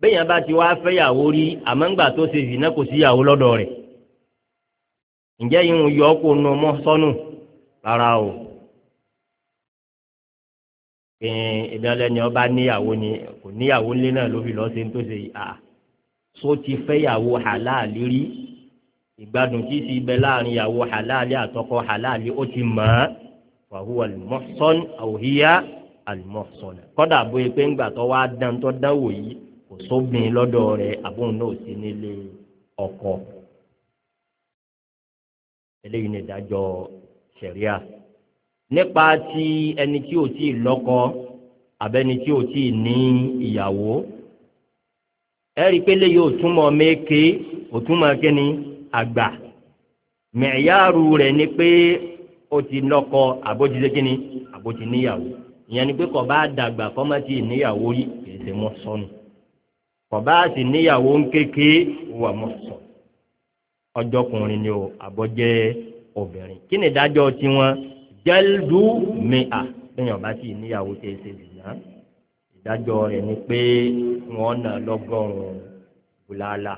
béèyàn bá ti wá fẹ́yàwó rí àmọ́ ńgbà tó ṣe ìsìn náà kò sí ìyàwó lọ́dọ̀ rẹ̀ ǹjẹ́ yìí ń yọ ọ́ kó nu mọ́sánù rárá o ìdánlẹ́ni ọba níyàwó ni kò níyàwó ńlẹ́ náà ló fi lọ́ọ́ ṣe ń tó ṣe à so ti fẹ́yàwó àláàlì rí ìgbádùn tí sì bẹ láàrin ìyàwó halali àtọkọ halali ó ti mọ̀ ọ́ fàhùwà al-muhsan aw hiya al-muhsana kọ́dà bóyá pé ńgbà tó wá dán tó dán wò yìí kò sóbìn lọ́dọ̀ rẹ̀ àbóhùn náà sí nílé ọkọ eléyìí ni ìdájọ́ ṣẹ̀ríà nípa ti ẹni tí ò tí ì lọ́kọ àbẹ́ni tí ò tí ní ìyàwó ẹ̀rí pé léyìí òtúmọ̀ mẹ́kẹ́ òtúmọ̀ kẹ́ni àgbà mẹ̀yàrú rẹ̀ ni pé ó ti lọ́kọ àbójútó kínní àbójú ìyẹn ni pé kò bá dàgbà kọ́ má ti níyàwó rí kì í ṣe mọ́ sọnù kò bá sì níyàwó ń kéke wà mọ́ sọ ọjọ́kùnrin ni o àbọ̀jẹ́ obìnrin kí ni ìdájọ́ tiwọn jẹ́lú mìà lẹ́yìn ọba tí níyàwó ṣe ṣe ìdájọ́ rẹ̀ ni pé wọ́n nà lọ́gọ́rùn-ún bùlálà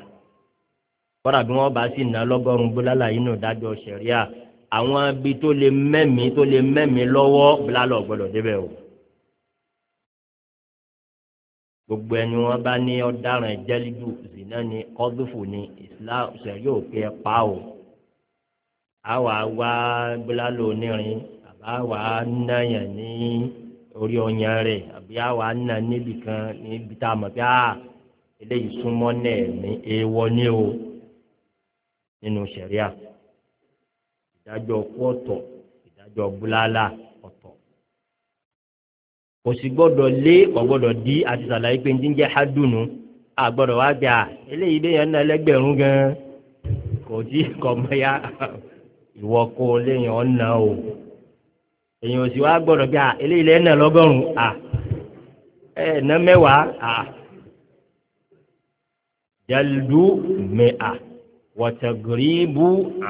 kọ́ra bí wọ́n bá sì ná lọ́gọ́rùn-ún bólálà yìí nù dájọ́ sẹ̀ríà àwọn ibi tó lè mẹ́mí tó lè mẹ́mí lọ́wọ́ bólálà gbọ́dọ̀ débẹ̀ o. gbogbo ẹni wọn bá ní ọ̀daràn jẹ́lídù zina ni kọ́dúfù ni islam sẹ̀ríà ò pé pa o. àwa wá bólálà onírin àbá wa náyàn ní orí ọyàn rẹ̀ àbí àwa nà níbìkan níbi tá a mọ̀ pé a eléyìí súnmọ́ náà ní èèwọ̀ ni o nínú sẹ̀ríà ìdájọ́ ọkú ọ̀tọ̀ ìdájọ́ búláàlà ọ̀tọ̀ kò sì gbọ́dọ̀ lé kò gbọ́dọ̀ dí àti sàlàyé pé ní jẹ́ hádùnú àgbọ́dọ̀ wá gbà eléyìí déyàn náà lẹ́gbẹ̀rún gan-an kò tí kò mọ ya ìwọ kó léyàn ọ̀nà o èyàn òsì wá gbọ́dọ̀ gbà eléyìí lẹ́yìn náà lọ́gọ́rùn-ún à ẹ̀ ná mẹ́wàá à jálùdú mẹ́à wọ̀tẹ̀gìrìbù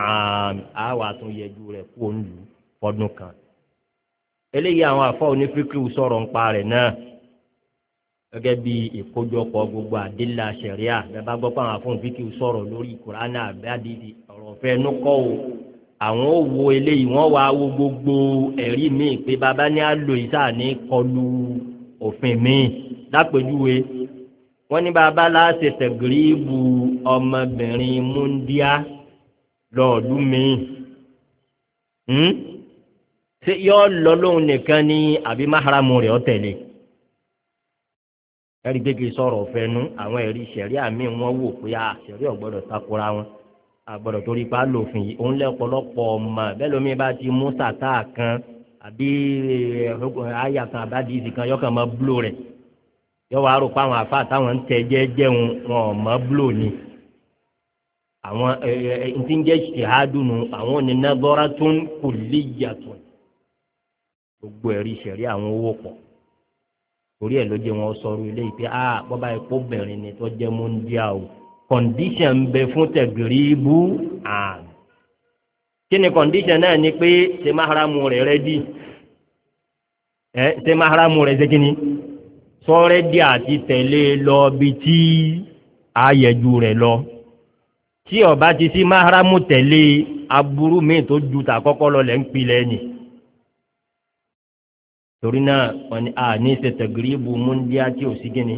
àmì àwọn àtúnyẹ̀jú rẹ̀ kú òǹlù fọdún kan. eléyìí àwọn afọ onífíkìrì sọ̀rọ̀ ńpa rẹ̀ náà gẹ́gẹ́ bí ìkójọpọ̀ gbogbo àdìlà sẹ̀ríà bẹ́ẹ̀ gbọ́ pé àwọn afọ onífíkìrì sọ̀rọ̀ lórí kùránà àbẹ́àdìdì ọ̀rọ̀ fẹ́ nukọ́ o àwọn ò wo eléyìí wọ́n wá wo gbogbo ẹ̀rí míì pé baba ní àlò ìsáà ní kọlu òfin míì lápèjúwe wọ́n ní bàbá láti tẹ̀gìrìbù ọmọbìnrin múndíá lọ́ọ̀dún mi-ín hmm? ṣé yọ́ lọ lóhun nìkan ní àbí máhàrámù rẹ̀ ọ́ tẹ̀lé ẹ̀rí gbégbé sọ̀rọ̀ fẹnu àwọn ẹ̀rí ṣẹ̀rí àmì wọn wò pé a ah, ṣẹ̀rí ọ̀gbọ́dọ̀ takora wọn àgbọ̀dọ̀ torí pa lòfin yìí òun lẹ́pọ̀lọpọ̀ ọmọ bẹ́ẹ̀ lómi bá ti mú sàtáà kan àbí àyà eh, àbádìsí kan yọkàn máa búlò rẹ̀ yọ wàá rò pé àwọn àfa àtàwọn ń tẹ jẹ́jẹ́ wọn ò mọ́ búlò ni àwọn ẹ ẹ ntí ń jẹ́ ṣìhádùn àwọn ò ní nẹ́bọ́rá tó ń kò lè yàtọ̀ gbogbo ẹ̀rí ìṣẹ̀rí àwọn owó pọ̀ torí ẹ̀ ló jẹ́ wọn sọ̀rọ̀ ilé yìí pé a bọ́bá epo bẹ̀rẹ̀ ni tó jẹ́ múndíà o kọ̀ǹdíṣàn ń bẹ fún tẹ̀gírí bú àmì kí ni kọ̀ǹdíṣàn náà ni pé ṣe máhàrámù rẹ̀ rẹ́dí ẹ ṣe máhàrámù rẹ̀ ṣe kí ni sọ́rẹ́dì àti tẹ̀lé lọ bí tí ayẹ̀jú rẹ̀ lọ tí ọba ti sí máhàrámù tẹ̀lé aburú míì tó ju tàkọ́kọ́ lọ lẹ́ ń pilẹ̀ ni torí náà wọn ni a ní ṣe tẹ̀gìrìbù múndíá tí ò sí gíní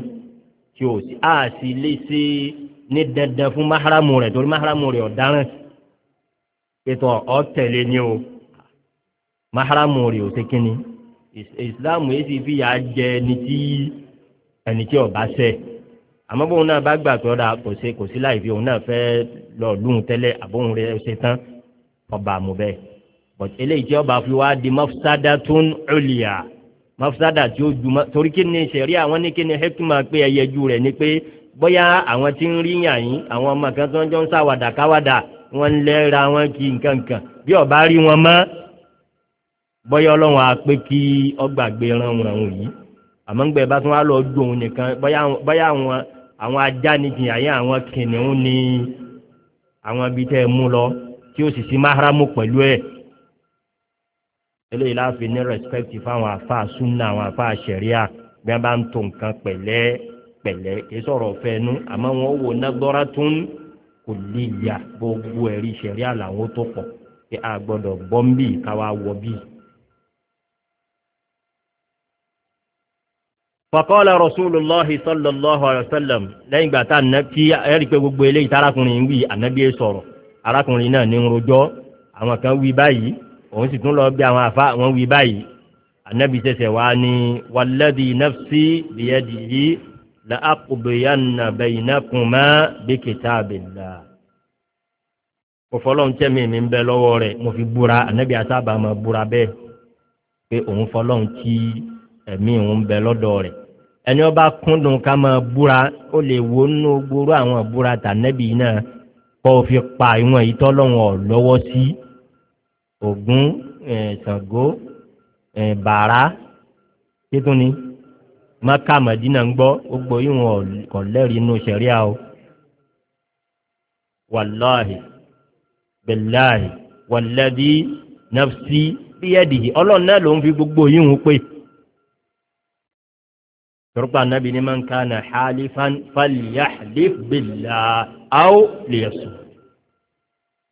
tí ò sí a sì lè ṣe ní dandan fún máhàrámù rẹ̀ torí máhàrámù rẹ̀ ọ̀daràn ètò ọ̀ ni o máhàrámù rẹ̀ ò sí gíní ìsìláàmù yìí ti fi yà jẹ ẹni tí ẹni tí ọba ṣẹ̀ àmọ́ bóun náà bá gbà pé ọ̀dà kò ṣe kò sí láì fi òun náà fẹ́ lọ lóhun tẹ́lẹ̀ àbóhun rẹ̀ ṣe tán ọba àmú bẹ́ẹ̀ but eléyìí tí ọba fi wá di mafsada tún ọ̀lìyà mafsada tí ó ju ma torí kí ni sẹ̀rí àwọn ní kí ni hekima pé ẹyẹjú rẹ̀ ni pé bóyá àwọn tí ń rí yàn yín àwọn ọmọ kan tó ń jọ ń sáwàdà káwàdà wọ́n lẹ́ra wọn kí nǹkan nǹkan bí ọba rí wọn mọ́ bọ́yá ọlọ́run á pé kí ọgbàgbé ran wọn àwọn yìí àmọ́ ń gbẹ bá tún wá lọ ju òun nìkan bọ́yá àwọn àwọn ajá ni jìyà yẹn àwọn kìnìún ni àwọn ibi tẹ́ ẹ mú lọ tí ó sì sí máhàrámù pẹ̀lú ẹ̀ eléyìí láàfin ní respect fáwọn àfáà súnà àwọn àfáà sẹ̀ríà bí wọ́n bá ń tó nǹkan pẹ̀lẹ́ pẹ̀lẹ́ kì í sọ̀rọ̀ fẹ́nu àmọ́ wọn wò nágbọ́ra tó ń kò lè yà gbogbo ẹ̀rí sẹ̀ríà làwọn tó pọ̀ pé a gbọ́dọ̀ gbọ́n bíi káwa wọ bíi fọ̀kọ́lá rọ̀súlùlọ́hì sọ́lọ́lọ́hù àrẹ̀sẹ́lẹ̀m lẹ́yìn ìgbà tá tí ẹ̀rí pé gbogbo eléyìí tárakùnrin ń wí ànábíyé sọ̀rọ̀ arákùnrin náà ní ń rojọ́ àwọn kan wí báyìí òun sì tún lọ bí àwọn àfa àwọn wí báyìí ànábì ṣẹ̀ṣẹ̀ wá ní wàlẹ́dì nafsi bìyẹ́dì yìí la àkùbìyànnà bẹ̀yìnàkùnmá bí kìtà àbẹ̀là. òfọlọ́n tẹ́mi mi ń bẹ lọ́wọ́ rẹ̀ mo fi búra ànábì àtàbà búra bẹ́ẹ̀ pé òun fọlọ́n tí ẹ̀mí òun bẹ lọ́dọ̀ rẹ̀ ẹni ọba kúndùn ká máa búra ó lè wo nínú gbòòrò àwọn búra tànẹ́bì náà kọ́ fi pa ìwọ̀n ìtọ́lọ́wọ̀n lọ́wọ́ sí Ògún Ṣàngó Bàrá títún ni maka madina gbọ́ gbogbo ìwọ̀n kọ̀lẹ́rì inú sẹ̀ríà o wàláhì bẹ̀láhì wàlẹ́dí nafsi bíyẹ́dì ọlọ́run náà ló ń fi gbogbo yìí ń pè torúkọ anabi ni man kana halifan falyahlif billah aw liyasum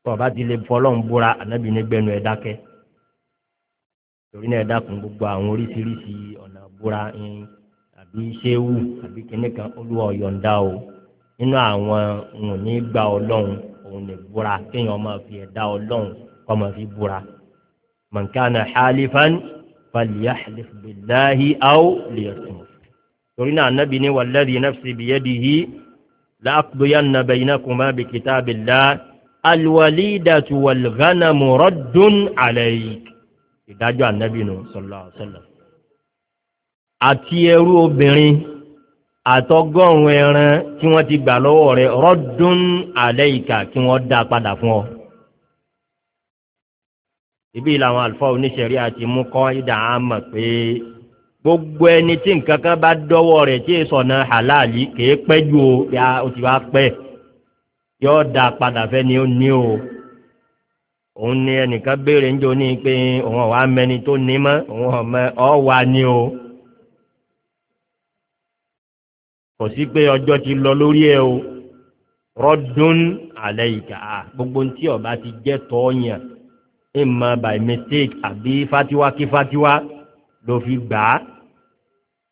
tọba ti lè fọlọ́n búra anabi ni gbẹnu ẹ̀ dákẹ́ torí náà ẹ̀ dákun gbogbo àwọn oríṣiríṣi ọ̀nà búra ń àbí ṣéwù àbí kíní kan olúwa ọ̀yọ̀ǹda o nínú àwọn òun ní gba ọlọ́run òun lè búra kéèyàn máa fi ẹ̀dá ọlọ́run kọ́ máa fi búra man kana halifan falyahlif billahi aw liyasum torí náà anabi ní wàlẹ́rì nafsi biyadihi láàkúdóyà nàbẹ iná kò má bi kitabillah alwalidatu walghanamu raddun alayhi ìdájọ́ anabi nù sallallahu alaihi wasallam àti ẹrú obìnrin àtọgọ́rùn ẹran tí wọ́n ti gbà lọ́wọ́ rẹ̀ rọ́dún àlẹ́yìká kí wọ́n dá padà fún ọ. ibi làwọn àlùfáà oníṣẹ̀rí àti mú kọ́ ìdá àmọ̀ pé gbogbo ẹni tí nǹkan kan bá dọ́wọ́ rẹ̀ tí èso ọ̀nà halali kìí pẹ́ ju o ya o ti wá pẹ́ yóò da padà fẹ́ ó ní o òun ni ẹnìkan béèrè níjó ní pé òun ọ̀wá mẹni tó ní mọ́ òun ọ̀mẹ ọ̀wá ni o kò sí pé ọjọ́ ti lọ lórí ẹ o rọ́dún àlẹ́ ìkà gbogbo tí ọba ti jẹ́ tọ́ yàn ìmọ̀ by mistake àbí fatiwa fatiwa. fatiwa ló fi gbà á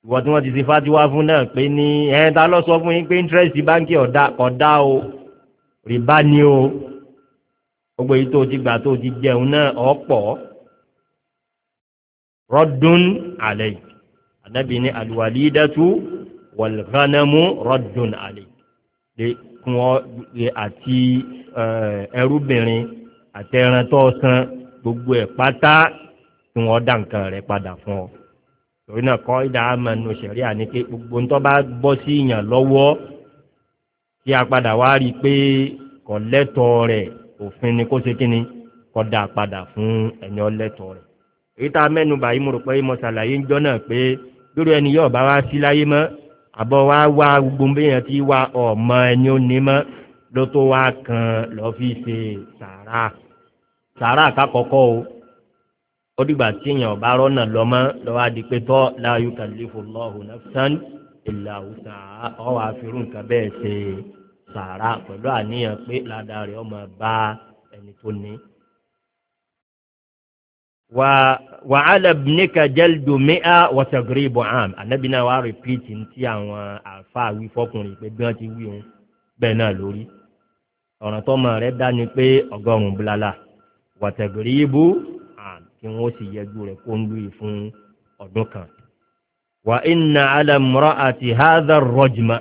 ìwọ tí wọ́n ti ṣe fatiwa fún náà pé ní ẹ̀ẹ́n ta lọ sọ fún yín pé interest báńkì ọ̀dà kọ̀dá o rìbá ni o gbogbo èyí tó ti gbà tó ti jẹun náà ọ̀pọ̀ rọ́dún àlẹ́ yìí ànábì ní àlùwàlídẹ́tù wọ̀lùkánámú rọ́dún àlẹ́ yìí kún ọ àti ẹrúbìnrin àtẹ̀rántọ́ san gbogbo ẹ̀ pátá kí wọ́n dá nǹkan rẹ̀ padà fún ọ. torí náà kọ́ ìdá àmọ́nu sẹ̀rí àní pé gbogbo ńtọ́ bá bọ́ sí ìyàn lọ́wọ́ kí a padà wá rí i pé kò lẹ́tọ̀ọ́ rẹ̀ òfin ni kó ṣe kí ni kò dá padà fún ẹni ọlẹ́tọ̀ọ́ rẹ̀. èyí tá a mẹ́nuba yìí mo rò pé mo ṣàlàyé ń jọ́ náà pé lórí ẹni yóò bá wá sí láyé mọ́ àbọ̀ wá wá gbogbo bẹ́yẹn tí wá ọmọ ẹni ó ní mọ́ ló tó wá kan lọ́ fi ṣe sàárà o ó dìgbà tí èèyàn ọba rọ́nà lọ́mọ lọ́wọ́ adigbẹ́tọ́ la yukallifullahu nafsan illa wus'aha ọwọ́ àfihàn nǹkan bẹ́ẹ̀ ṣe sàrà pẹ̀lú àníyàn pé ládàá rẹ̀ ọmọ bá ẹni tó ní. wà á lè nìkà jẹ́ldu mi'a wa tagribu am ànábì náà wà á rìpíìtì ti àwọn àáfàá wí fọkùnrin pé bí wọ́n ti wí òun bẹ́ẹ̀ náà lórí ọ̀ràn tọ́mọ rẹ̀ dá ni pé ọgọ́rùn-ún bulala wa tagribu tí wọ́n sì yẹjú rẹ̀ kó ń lu yìí fún ọdún kan. wà inna ala imra'ati hadha rajma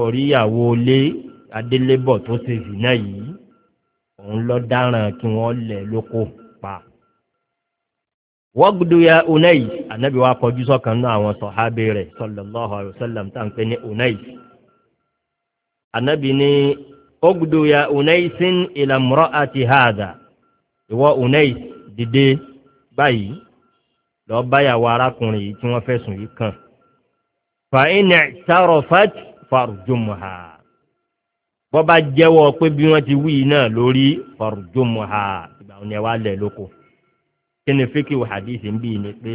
oríyàwó lé adélébọ̀ tó ṣe zìnà yìí òun lọ dáràn kí wọ́n lẹ̀ lóko pa. wọ́gùdù ya unais anabi wa kọjú sọ́kan náà àwọn sọ̀hábì rẹ̀ sallallahu alaihi tá à ń pè ní unais. anabi ní ogùdù ya unaisin ila imra'ati hadha ìwọ unais dìde báyìí lọ báyàwó arákùnrin yìí tí wọ́n fẹ̀sùn yìí kàn fa iná tarofat farjumha bọ́ bá jẹ́wọ́ pé bí wọ́n ti wí náà lórí farjumha ìgbà wọn ni ẹ lẹ̀ lóko kí ni fíkìwò hadithi ń bí ni pé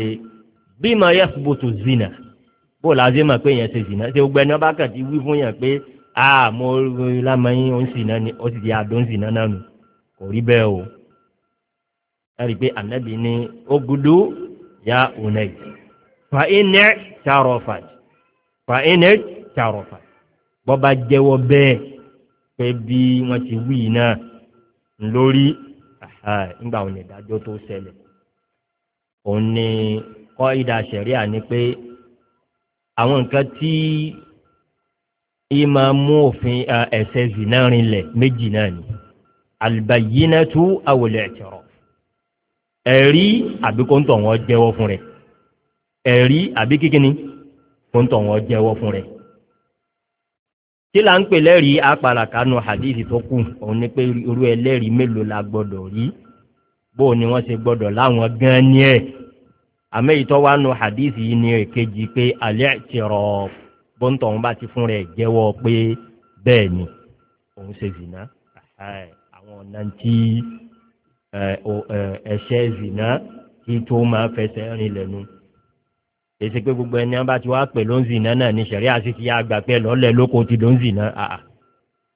bima yasbutu zina bó làásì mọ̀ pé yẹn ṣe zina ṣé gbẹ́ni ọba kan ti wí fún yẹn pé a ah, mo lamẹ́yìn ó ń zina ni ó sì di adó ń zina náà nù kò rí bẹ́ẹ̀ o ẹ̀rí pé ànábì ní ogudu ya unayi fa iná tarofad fa iná tarofad bọ́ba jẹ́wọ́ bẹ́ẹ̀ pé bí wọ́n ti wí náà lórí nígbà òun ìdájọ́ tó ṣẹlẹ̀ òun ni kọ́ ìdá sẹ̀ríà ni pé àwọn nǹkan tí ìmọ̀ mú òfin ẹ̀sẹ̀ zìnnà rinlẹ̀ méjì náà ni albayinatu awolẹ̀ ẹ̀tẹ̀rọ̀ ẹ̀rí àbí kó ń tọ̀ wọ́n jẹ́wọ́ fún rẹ̀ ẹ̀rí àbí kíkíní kó jẹ́wọ́ fún rẹ̀ tí là ń pè lẹ́rìí apàlàkánu hadithi tó kù òun ni pé irú ẹlẹ́rìí mélòó la gbọ́dọ̀ rí bó ni wọ́n ṣe gbọ́dọ̀ láwọn gan ni ẹ̀ àmọ́ wa nu hadithi yìí ni èkejì pé alẹ́ ti rọ̀ bó ń tọ̀ wọ́n bá ti fún rẹ̀ jẹ́wọ́ pé bẹ́ẹ̀ ni òun ṣe zina àwọn ọ̀nà tí ẹ̀ṣẹ̀ zìnà kí tó máa fẹsẹ̀ rìn lẹ́nu. èsì pé gbogbo ẹni wọn bá ti wá pè ló ń zìnà náà ní sẹ̀rí àti ti àgbà pé lọ́lẹ̀ lóko ti ló ń zìnà àà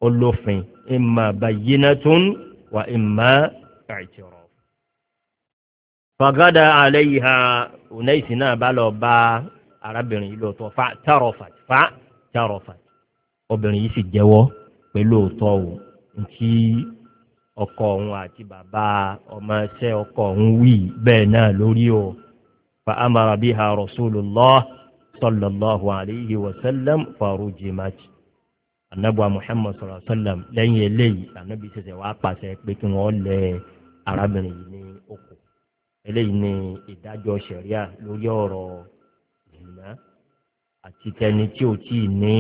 olófin ìmọ̀ àbàyínà tún wà ìmọ̀ àìtìrọ̀. fagada àlẹ́yìí ọ̀nẹ́sì náà bá lọ bá arábìnrin yìí lóòótọ́ fa tàrọ̀fà fa tàrọ̀fà obìnrin yìí sì jẹ́wọ́ pé lóòótọ́ o ntí ọkọ òun àti bàbá ọmọọṣẹ́ ọkọ òun wí bẹ́ẹ̀ náà lórí o fa amara biha rasulillah sallallahu alayhi wa sallam farujimat anabuwa muhammad sallallahu alayhi wa sallam lẹ́yìn eléyìí anabi ṣẹ̀ṣẹ̀ wàá pàṣẹ pé kí wọ́n lẹ arábìnrin yìí ní oko eléyìí ni ìdájọ́ sẹ̀ríà lórí ọ̀rọ̀ ìná àti tẹni tí ò tí ì ní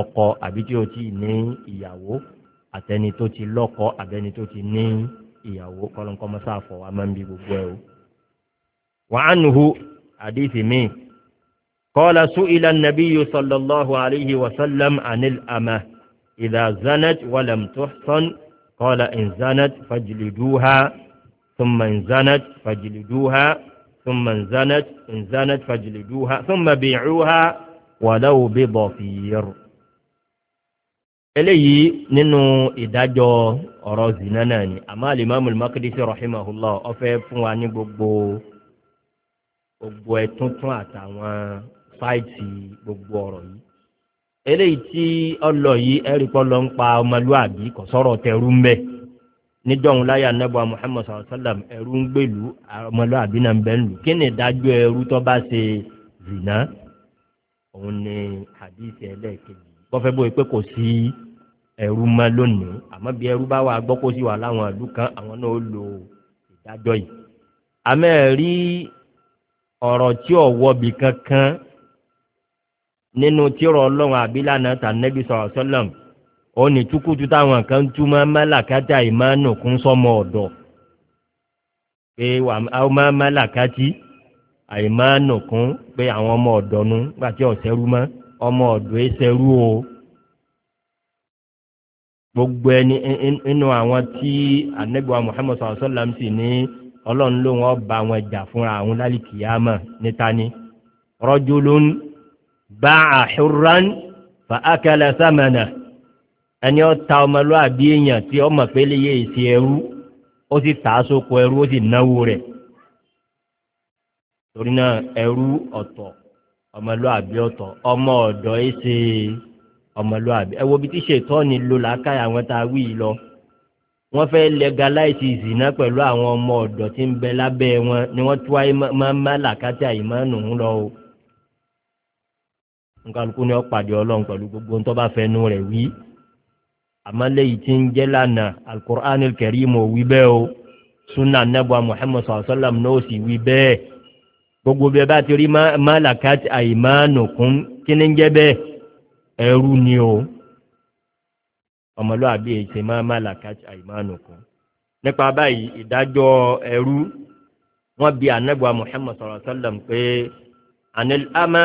ọkọ àbí tí ò tí ì ní ìyàwó àtẹni tó ti lọ́kọ àtẹni tó ti ní ìyàwó kọ́lọ́nkọ́ mọ́sáàfọ̀ wa máa ń bí gbogbo ẹ̀ o. wàhánuhu àdìsí mi kọ́lá su'ila nabiyyu sallallahu alayhi wa sallam anil ama idà zanat walam tuhsan kọ́lá in zanat fajliduha thumma in zanat fajliduha thumma in zanat in zanat fajliduha thumma bi'uha eléyìí nínú ìdájọ́ ọ̀rọ̀ zina náà ni àmọ́ alimami makidisi rahimahullah ọ̀fẹ́ fún wa ní gbogbo gbogbo ẹ̀túntún àtàwọn fáìtì gbogbo ọ̀rọ̀ yìí eléyìí tí ọlọ yìí ẹ̀rí pọ́ lọ ń pa ọmọlúàbí kò sọ̀rọ̀ tẹ̀rú ń bẹ̀ níjọ́hun láyà nẹ́bọ̀ muhammed sallam ẹ̀rú ń gbèlú ọmọlúàbí náà ń bẹ̀ ń lù kí ni ìdájọ́ ẹ̀rú tó bá ṣe zina òun ni hadith ẹlẹ́ẹ̀kejì bọ́fẹ́ bóyá pé kò sí. Si, ẹ̀rú mọ́ lónìí àmọ́ bí ẹ̀rú bá wà gbọ́ kó sì wà láwọn ìlú kan àwọn náà ó lo ìdájọ́ yìí. àmọ́ ẹ̀rí ọ̀rọ̀ tí ò wọbi kankan nínú tírọ̀ ọlọ́run àbílànà tànẹ́bí sọ̀rọ̀ sọ́lọ̀m ó ní túkútú táwọn kan ń túmọ̀ mẹ́làkátà ìmánù kún sọ́mọ ọ̀dọ̀ pé wàá má mẹ́làkátì àìmánù kún pé àwọn ọmọ ọ̀dọ̀ nu gbàtí ọ̀sẹ̀rú mọ́ ọmọ ọ̀dọ̀ ẹ̀sẹ̀rú o. gbogbo ẹni inú àwọn tí anabiwa muhammad wa sallam sì ní ọlọ́run ló wọn bá fúnra àwọn lálìkìyàmọ̀ níta ni rọ́júlún bá àṣùrán fa akala samana ẹni ó ta ọmọlúwàbí èèyàn tí ọmọ pélé yé èsì ẹrú ó sì tà á sóko ẹrú ó sì náwó rẹ̀ torí náà ẹrú ọ̀tọ̀ ọmọlúwàbí ọ̀tọ̀ ọmọ ọ̀dọ́ ẹ̀ṣẹ̀ ọmọlúwàbí ẹ wo bí tí ṣètọ́ni lo làákàyè àwọn tá a wí yìí lọ wọ́n fẹ́ legalize ìzìnà pẹ̀lú àwọn ọmọ ọ̀dọ̀ tí ń bẹ lábẹ́ wọn ni wọ́n tú ayé máa ń má làkàtà ìmánu ń lọ o nkàlùkù ni ó pàdé ọlọ́run pẹ̀lú gbogbo tó bá fẹnu rẹ̀ wí àmọ́ léyìí tí ń jẹ́ lánàá alukur'an kẹrìmù wí bẹ́ẹ̀ o sunna anabuwa muhammed sallam náà sì wí bẹ́ẹ̀ gbogbo bí ẹ bá ti rí má làkàtà ìmánu kún kí ni ń jẹ́ bẹ́ẹ̀ ẹrú ni o ọmọlúwàbí èsè máa má làkàtà ìmánu kan nípa báyìí ìdájọ́ ẹrú wọ́n bi anagba muhammad sallallahu alaihi wa sallam pé anil ama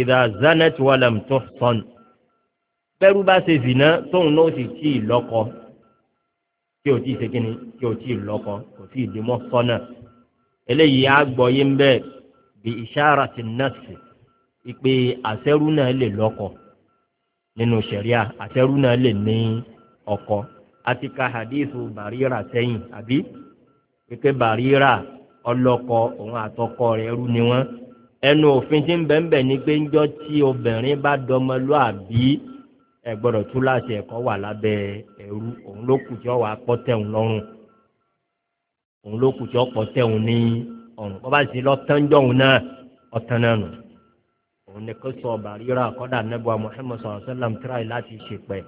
ìdá zanet wàlám tó sọnù bẹ́rù bá ṣe zìnà tóun náà sì tí ì lọ́kọ tí o ti ṣe kí ni tí o ti lọ́kọ kò tí ì dìmọ́ sọ́nà eléyìí á gbọ́ bẹ́ẹ̀ bí ìṣára nọ́ọ̀sì ìpè àṣẹrú náà lè lọ́kọ nínú sẹ̀ríà àṣẹrú náà lè ní ọkọ àti ka hadithu bàríra sẹ́yìn àbí pípé bàríra ọlọ́kọ òun àtọkọ rẹ̀ rú ni wọ́n ẹnu òfin tí ń bẹ̀ǹbẹ̀ ni pé ńjọ́ tí obìnrin bá dọmọlúàbí ẹ gbọ́dọ̀ tú láti ẹ̀kọ́ wà lábẹ́ ẹ̀rú òun ló kù tí ó wàá pọ́ tẹ̀hún lọ́rùn òun ló kù tí ó pọ́ tẹ̀hún ní ọ̀rùn kọ́ bá sì lọ́tàn jọ̀hún náà ọ̀tàn náà nù òun ni kò sọ bàríra kọ́dà nẹ́bùà Muhammad sallallahu alaihi wasallam tíráì láti ṣèpẹ́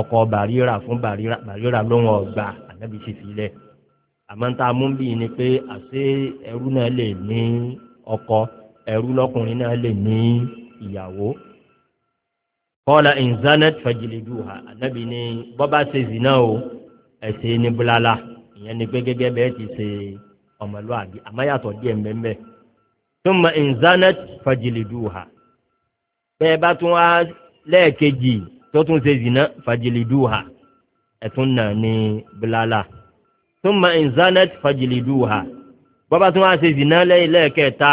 ọkọ̀ bàríra fún bàríra bàríra ló ń ọgbà ànábì sì filẹ̀ àmọ́ tá a mú bí ni pé àṣé ẹrú náà lè ní ọkọ ẹrú lọ́kùnrin náà lè ní ìyàwó kọ́lá ìnzánẹ́t fàjìlìdùhà ànábì ni bọ́bá ṣe zìnà o ẹ̀ṣẹ̀ ní bulala ìyẹn ni pé gẹ́gẹ́ bẹ́ẹ̀ ti ṣe ọmọlúwàbí àmọ́ yàtọ̀ díẹ̀ mbẹ́mbẹ́ tó mọ ìnzánẹ́t fàjìlìdùhà bẹ́ẹ̀ bá tún wá lẹ́ẹ̀kejì tó tún ṣe zìnà fàjìlìdúhà ẹ̀tún náà ní bilala túmọ̀ ìzánẹ́t fàjìlìdúhà bọ́bá tún wá ṣe zìnà lẹ́yìn lẹ́ẹ̀kẹta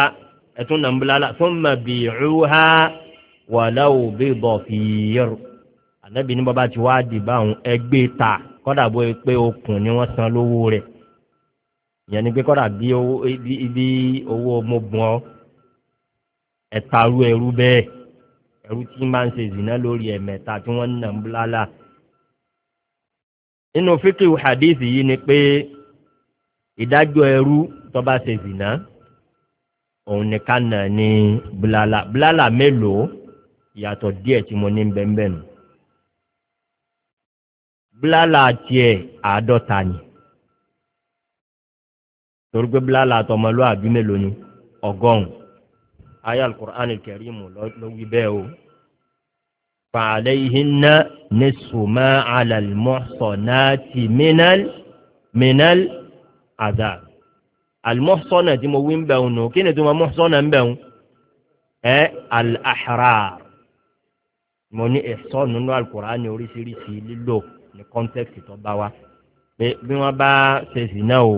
ẹ̀tún náà ní bilala túmọ̀ bìrúhà wàláwò bíbọ̀ fìyẹ̀rù ànábì ní bọ́bá ti wá dìbà àwọn ẹgbẹ́ e ta kọ́dà bó e pé okùn ni wọ́n san lówó rẹ̀ ìyẹn ni pé kọ́dà bí owó mo bùn ẹ̀ta ru ẹrú bẹ́ẹ̀ ẹrú tí máa ń ṣe zina lórí ẹ̀mẹ́ta tí wọ́n ń nà ń búlálà. nínú fíkìwù hadith yìí ni pé ìdájọ́ ẹrú tó bá ṣe zina òun nìkan náà ní búlálà búlálà mélòó ìyàtọ̀ díẹ̀ tí mo ní bẹ́ẹ̀ nù. búlálà tiẹ̀ àádọ́ta ni torí pé búlálà àtọmọlúwàbí mélòó ni ọgọ́rùn-ún aya alukur'an kẹrìmù ló wí bẹ́ẹ̀ o. فعليهن نصف ما على المحصنات من ال من العذاب المحصنة دي مو وين بونو كين دي محصنة بون ẹ al-ahrar mo ní ẹ̀sọ́ nínú alukur'an oríṣiríṣi lílò ní kọ́ńtẹ́kì tó bá wa bí wọ́n bá ṣe sì náà o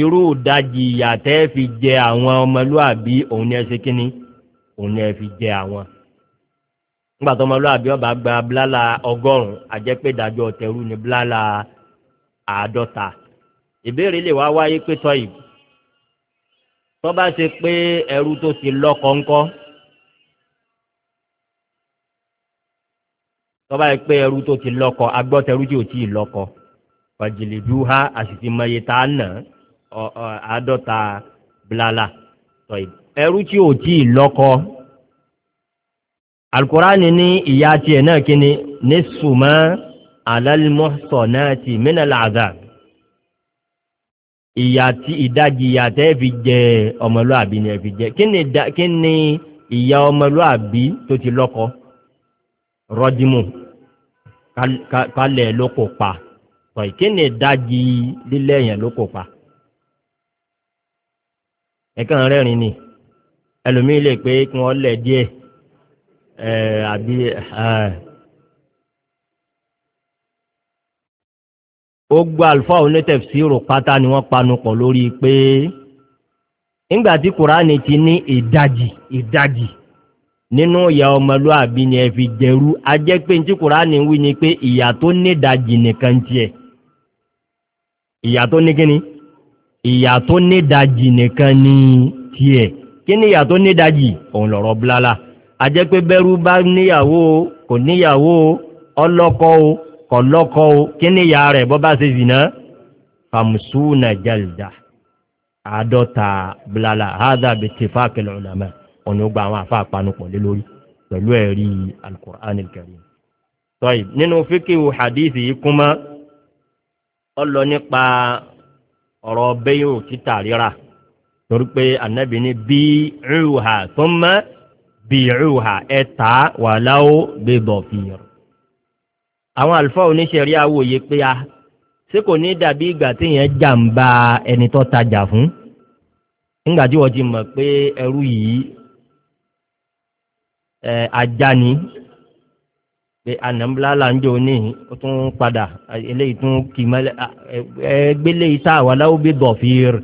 irú ìdajì ìyà tẹ́ fi jẹ àwọn ọmọlúàbí òun ni ẹ ṣe kínní òun ni ẹ fi jẹ àwọn nígbà tó ọmọlúàbí ọba gba bílálà ọgọ́rùn-ún àjẹpẹ́dájọ́ tẹ̀rù ní bílálà àádọ́ta ìbéèrè lè wá wáyé pé tọ́yì tó bá ṣe pé ẹrú tó ti lọ́kọ ńkọ́ tó bá yẹ pé ẹrú tó ti lọ́kọ agbọ́tẹrú tí ò tí ì lọ́kọ fàjìlìdú ha àsìkò ìmọ̀ye tá a nà án àádọ́ta bilala ẹrú tí ò tí ì lọ́kọ alukurani ní ìyá tiẹ̀ náà kíni ní sùmọ́ alálìmọ́sọ̀ náà ti mínà làzà ìyá tí ìdajì ìyá tẹ́ fi jẹ ọmọlúàbí ni ẹ fi jẹ kí ni ìyá ọmọlúàbí tó ti lọ́kọ rọ́dìmù kalẹ̀ ló kò pa kí ni ìdajì lílẹ̀ yẹn ló kò pa ẹ̀kan rẹ́rìn ni ẹlòmíì lè pé kí wọ́n lẹ̀ díẹ̀ àbí ó gbọ́ àlùfáà onítẹ̀fsírò pátá ni wọ́n panu pọ̀ lórí pé nígbà tí kùránì ti ní ìdajì ìdajì nínú ìyà ọmọlúàbí ni ẹ fi jẹrú a jẹ́ pé ní tí kùránì wí ni pé ìyà tó ní ìdajì nìkan tiẹ̀ ìyà tó ní kíni ìyà tó nídajì nìkan ní tiẹ̀ kí ni ìyà nídajì òun lọ̀rọ̀ blala a jẹ́ pé bẹ́rú bá níyàwó kò níyàwó ọlọ́kọ o kò lọ́kọ o kí ni ìyà rẹ̀ bọ́ bá ṣe zìnà famsuna jalda àádọ́ta blala hádà bi tifaq al ulama òun ló gba àwọn àfa àpanupọ̀ lé lórí pẹ̀lú ẹ̀rí al-Qur'an al tọ́yì nínú fíkìwò hadith yìí kúmọ́ ọ nípa ọ̀rọ̀ bẹ́yìn títà ríra torí pé ànábì ní bí ìrùhà tó mọ́ bí ìrùhà ẹ̀ta wà láwó gbébọ̀ fìyàn. àwọn àlùfáà oníṣẹ̀rí àwòye pé a ah, ṣé kò ní dàbí ìgbà téèyàn jàǹbá ẹni tó tajà fún nígbà tí wọ́n ti mọ̀ pé ẹrú yìí ajá ni pé ànàmúlálà ń jò ní ó tún padà eléyìí tún kì í mọ́lẹ̀ ẹgbẹ́lẹ́ iṣẹ́ àwàláwò bí dọ̀fíìr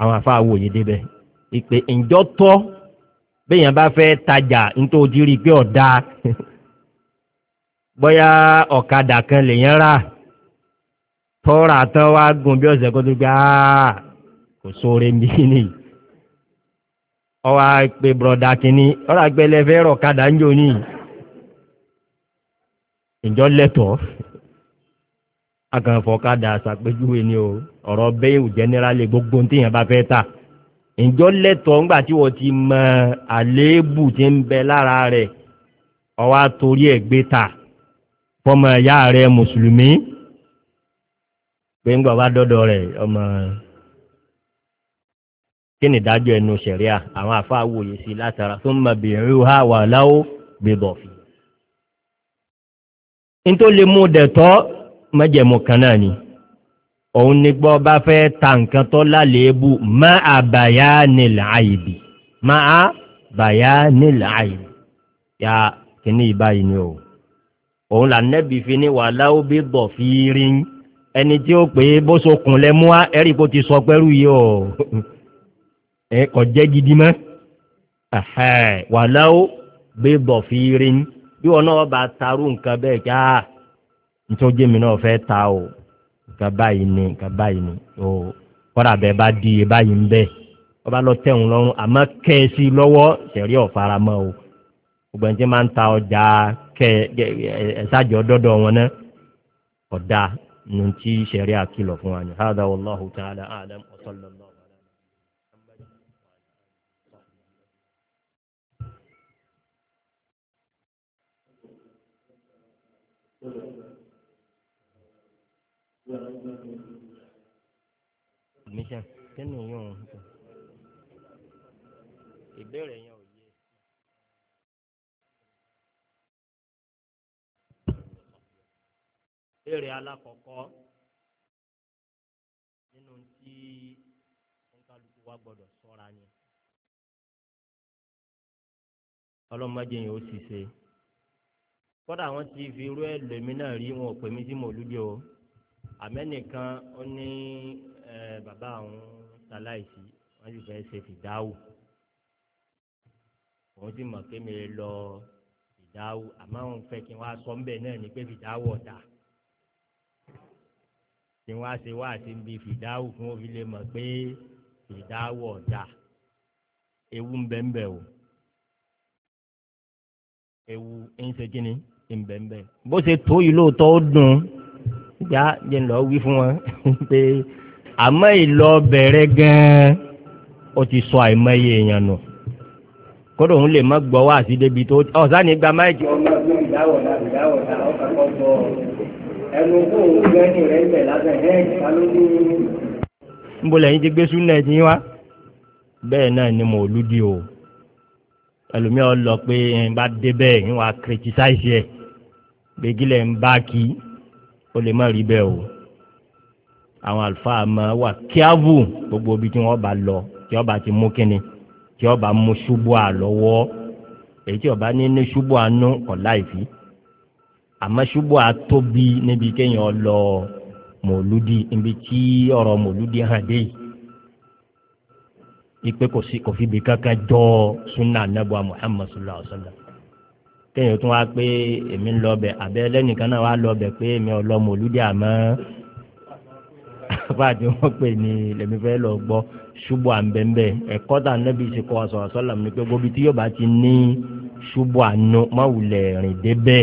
àwọn àfa àwòye débẹ̀ ìpè ǹjọ́ tọ́ béèyàn bá fẹ́ tajà nítorí rí i pé ọ̀dà bóyá ọ̀kadà kan lèyàn rà tọ́ra tán wá gùn bí ọ̀sẹ̀ kó tó gbé kò sóore mi nìyí ọwọ́ àpè bùrọ̀dà kìíní ọ̀rọ̀ àgbẹ̀lẹ̀ fẹ́ rọ̀ kadà ń jò níyì ìjọ lẹ́tọ̀ọ́ akànfọ̀kadà àṣàpèjúwe ni o ọ̀rọ̀ bẹ́ẹ̀ jẹ́nẹ́rálì gbogbo ní tìyàn bá fẹ́ ta ìjọ lẹ́tọ̀ọ́ ńgbà tí wọ́n ti mọ àléébù tí ń bẹ lára rẹ̀ ọwọ́ àtòrí ẹ̀ gbé ta fọmọ ìyá rẹ̀ mùsùlùmí pé ńgbà wá dọ́dọ̀ rẹ̀ ọmọ kí ni ẹnu sẹ̀ríà àwọn àfa àwòye sí látara tó ń mọ bìrìhà wà láwó bìbọ̀ fi ní tó lè mú dẹ̀tọ́ mẹ́jẹ̀mú kan náà ni òun ni gbọ́ bá fẹ́ ta nǹkan tó lálẹ́bù má a bàyá nílẹ̀ àìbì má a bàyá nílẹ̀ àìbì ya kìíní ìbáyìí ni o òun là nẹ́bi fi ní wà láwọ́ bí bọ̀ fi rí ẹni tí ó pè é bó sokùn lẹ mú wa ẹ̀rí kó ti sọ pẹ́rú yìí o ẹ kò jẹ́ gidi mọ́ wà láwọ́ bí bọ̀ fi rí ni. bí wọn náà bá taarú nǹkan bẹ́ẹ̀ kí á ah, nítorí jẹ́mi náà fẹ́ ta o nǹkan báyìí ni nǹkan o kọ́dà bẹ́ẹ̀ bá di iye báyìí ń bẹ́ẹ̀ wọ́n bá lọ tẹ̀hún lọ́rùn àmọ́ kẹ́ ẹ sí lọ́wọ́ sẹ̀rí o gbogbo ẹni tí máa ọjà kẹ dọ́dọ̀ wọn náà ọ̀dà nù sẹ̀rí àkìlọ̀ fún wa submission kínní yóò ìbéèrè yẹn ò yé. ìbéèrè alákọ̀ọ́kọ́ nínú tí nkálukú wa gbọ́dọ̀ sọ́ra ni ọlọ́mọdé yẹn ó sì ṣe kódà wọ́n ti fi irú ẹ̀ lèmi náà rí wọn ò pè mí sí mòlúdì o àmẹ́nìkan ó ní bàbá àwọn ṣaláìsí wọ́n sì fẹ́ ṣe fìdáwò òun sì mọ̀ pé mi lọ fìdáwò àmọ́ òun fẹ́ kí wọ́n á sọ ńbẹ̀ náà ni pé fìdáwò ọ̀dà tí wọ́n á ṣe wá àti ń bi fìdáwò fún òfin lè mọ̀ pé fìdáwò ọ̀dà ewu ń bẹ ń bẹ o ewu ń ṣe kí ni ń bó ṣe tó yìí lóòótọ́ ó dùn já jẹ́ ń lọ wí fún wọn pé àmọ́ ìlọ bẹ̀rẹ̀ gan-an ó ti sọ àìmọye èèyàn nù kódò òun lè má gbọ́ wá sí débi tó ọ̀sán ní gba máìkì. ọmọ ọdún ìdáwọ̀dá ìdáwọ̀dá ọkọ̀ kan gbọ́ ẹnu kó òun gẹ́ni rẹ̀ ń bẹ̀ lábẹ́ ẹ̀ẹ́dì ta níbo lẹ́yìn ti gbé súnà ẹ̀jìn wá bẹ́ẹ̀ náà ni mo lùdí o ẹlòmíràn lọ pé ẹ̀ bá dé bẹ́ẹ̀ ń wá kìrìtìsáìsì ẹ̀ gbégilẹ̀ ń bá kí o lè má rí bẹ́ẹ̀ o. àwọn àlùfáà máa wà kíávù gbogbo ibi tí wọ́n bá lọ tí ọba ti mú kínni tí ọba mú ṣubú à lọ́wọ́ èyí tí ọba ní ní ṣubú àánú kọ̀ láìfi àmọ́ ṣubú à tóbi níbi kéèyàn lọ mòlúdi níbi tí mòlúdi hàn dé ipe kò sí kò fi kankan jọ sunna anabu sallallahu alaihi wa sallam kéèyàn tún wá pé lọ bẹ náà wá lọ bẹ pé èmi ò lọ mòlúdi báàdì wọn pè ní lèmi fẹ́ lọ gbọ́ ṣubú àǹbẹ̀ǹbẹ̀ ẹ̀kọ́ tà nẹ́bí ìṣekọ àṣọ̀rọ̀ sọ́là mi pé gbóbi tí yóò bá ti ní ṣubú àánú má wulẹ̀ rìn débẹ̀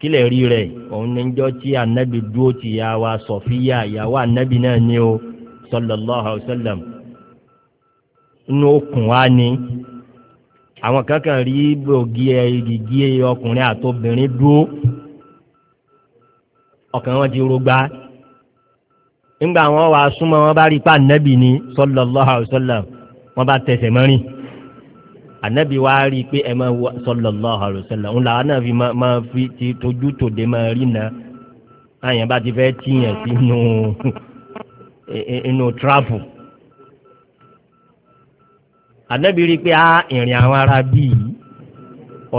kílẹ̀ rí rẹ̀ òun ní jọ́ tí ànábì dúró ti ya wa sọ̀fíyà ìyàwó ànábì náà ní o sallallahu alaihi wasallam inú okùn wa ni àwọn kankan rí gbòógì gígí ọkùnrin àtobìnrin dúró ọkàn wọn ti rúgbà nígbà wọn wà súnmọ́ wọn bá rí pa ànábì ni sallallahu alaihi wasallam wọn bá tẹsẹ̀ mọ́rin ànábì wa rí i pé ẹ máa wọ sallallahu alaihi wasallam ńlá wọn náà fi máa fi ti tójú tòde máa rí na àyàn bá ti fẹ́ tíyàn sínú inú tíráfù ànábì rí pé á ìrìn àwọn ará bíi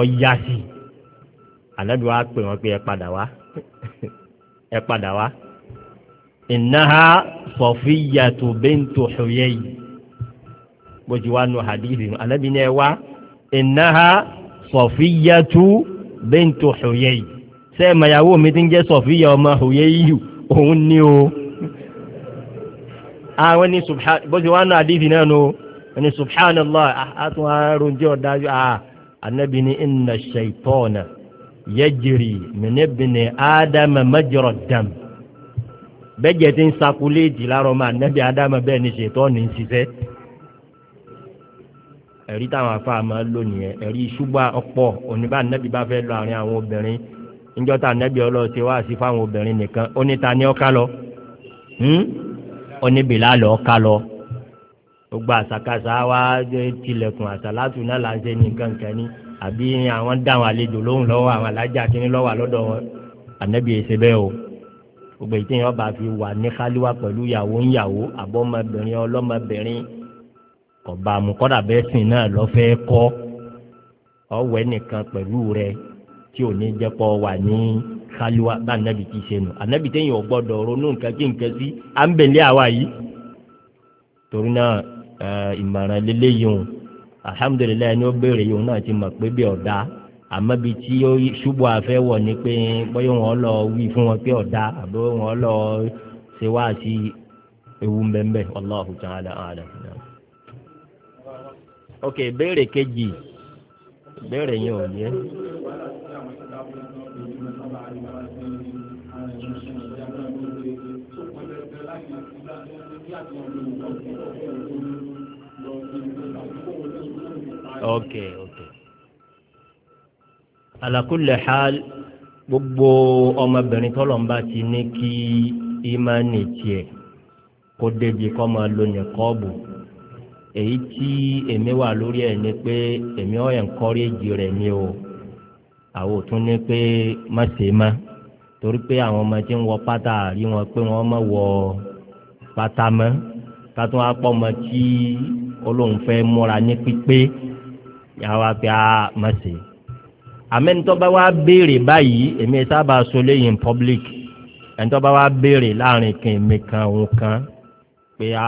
ọ̀yà sí ànábì wa pè wọ́n pé ẹ padà wá ẹ padà wá ìnáha sọ̀fíyàtò bẹ́ńtò ṣòyẹ́ yìí bójú wa nù hadithi alábi ní ẹ wá ìnáha sọ̀fíyàtò bẹ́ńtò ṣòyẹ́ yìí sẹ́ mayàwó mi ti ń jẹ́ sọ̀fíyà ọmọ ṣòyẹ́ yìí òun ní o àwọn ní bójú wa nù hadithi náà nù ẹni subhanallah àtún àrùn jẹ́ ọ̀dájú àà anábi ní ìnà ṣèitọ́ọ̀nà yẹ́jìrì mìnẹ́bìnrin ádámà mẹ́jọ̀rọ̀ dàmù bẹ́jẹ̀ ti ń sakuléètì láàrọ̀ máa nẹ́bí ádámà bẹ́ẹ̀ ni ṣètọ́ ní ṣiṣẹ́ ẹ̀rí táwọn afáà máa lò nìyẹn ẹ̀rí ṣùgbọ́n ọ̀pọ̀ oníbà nẹ́bí bá fẹ́ lọ àárín àwọn obìnrin níjọ́ tá nẹ́bí ọlọ́ọ̀ ti wá sí fáwọn obìnrin nìkan ó ní ta ni ọ́ ká lọ hmm? ó ní bìlá ká lọ gbogbo àṣàkáṣà wa tilẹ̀kùn àṣàlátù náà là ń ṣe nìkan kan àbí àwọn dáhùn àlejò lóhùn lọ́wọ́ àwọn alájà kínní lọ́wọ́ àlọ́dọ̀ wọn gbogbo èyí téèyàn bá fi wà ní kálíwá pẹ̀lú yàwó ń yàwó àbọ̀mọbìnrin ọlọ́mọbìnrin kọ̀bá àmukọ́dà bẹ́ẹ̀ sìn náà lọ́fẹ́ kọ́ ọ̀wẹ́ nìkan pẹ̀lú rẹ tí ò ní jẹ́ pọ̀ wà ní kálíwá bá ànábì ti ṣe nù ànábì téèyàn ò gbọ́dọ̀ ronú nǹkan kí nǹkan sí à ń bẹ̀lẹ́ àwa yìí torí náà ìmọ̀ràn lélẹ́yìn o alhamdulilayi ni ó béèrè yìí òun náà ti mọ̀ pé bí ọ̀dà àmọ́ bíi tí ó ṣubú afẹ́ wọ̀ ni pé bóyá wọn lọ wí fún wọn pé ọ̀dà àbí wọn lọ ṣe wá sí ewu mbẹ́mbẹ́ Allahu ta'ala a'lam. ok ìbéèrè kejì ìbéèrè yẹn ò yẹ. ok ok ala kulli hal gbogbo ọmọbìnrin tọ́lọ̀ ń bá ti ní kí ìmánì tiẹ̀ kó débi kọ́ máa lo nìkọ́ọ̀bù èyí tí èmi wà lórí ẹ̀ ni pé èmi ọ̀ ẹ̀ńkọ́rẹ́jì rẹ̀ ni o àwọn ò tún ní pé má ṣe má torí pé àwọn ọmọ tí ń wọ pátá rí wọn pé wọn má wọ pátá mọ́ kátún apọ̀ mọ́ tí olóhùn fẹ́ múra ní pípé yàrá pé a ah, má ṣe àmẹ́ńtọ́ bá wá béèrè báyìí èmi sábà sọ lẹ́yìn public ẹ̀ńtọ́ wa wá béèrè láàrin kìnìmí kan òun kan pé a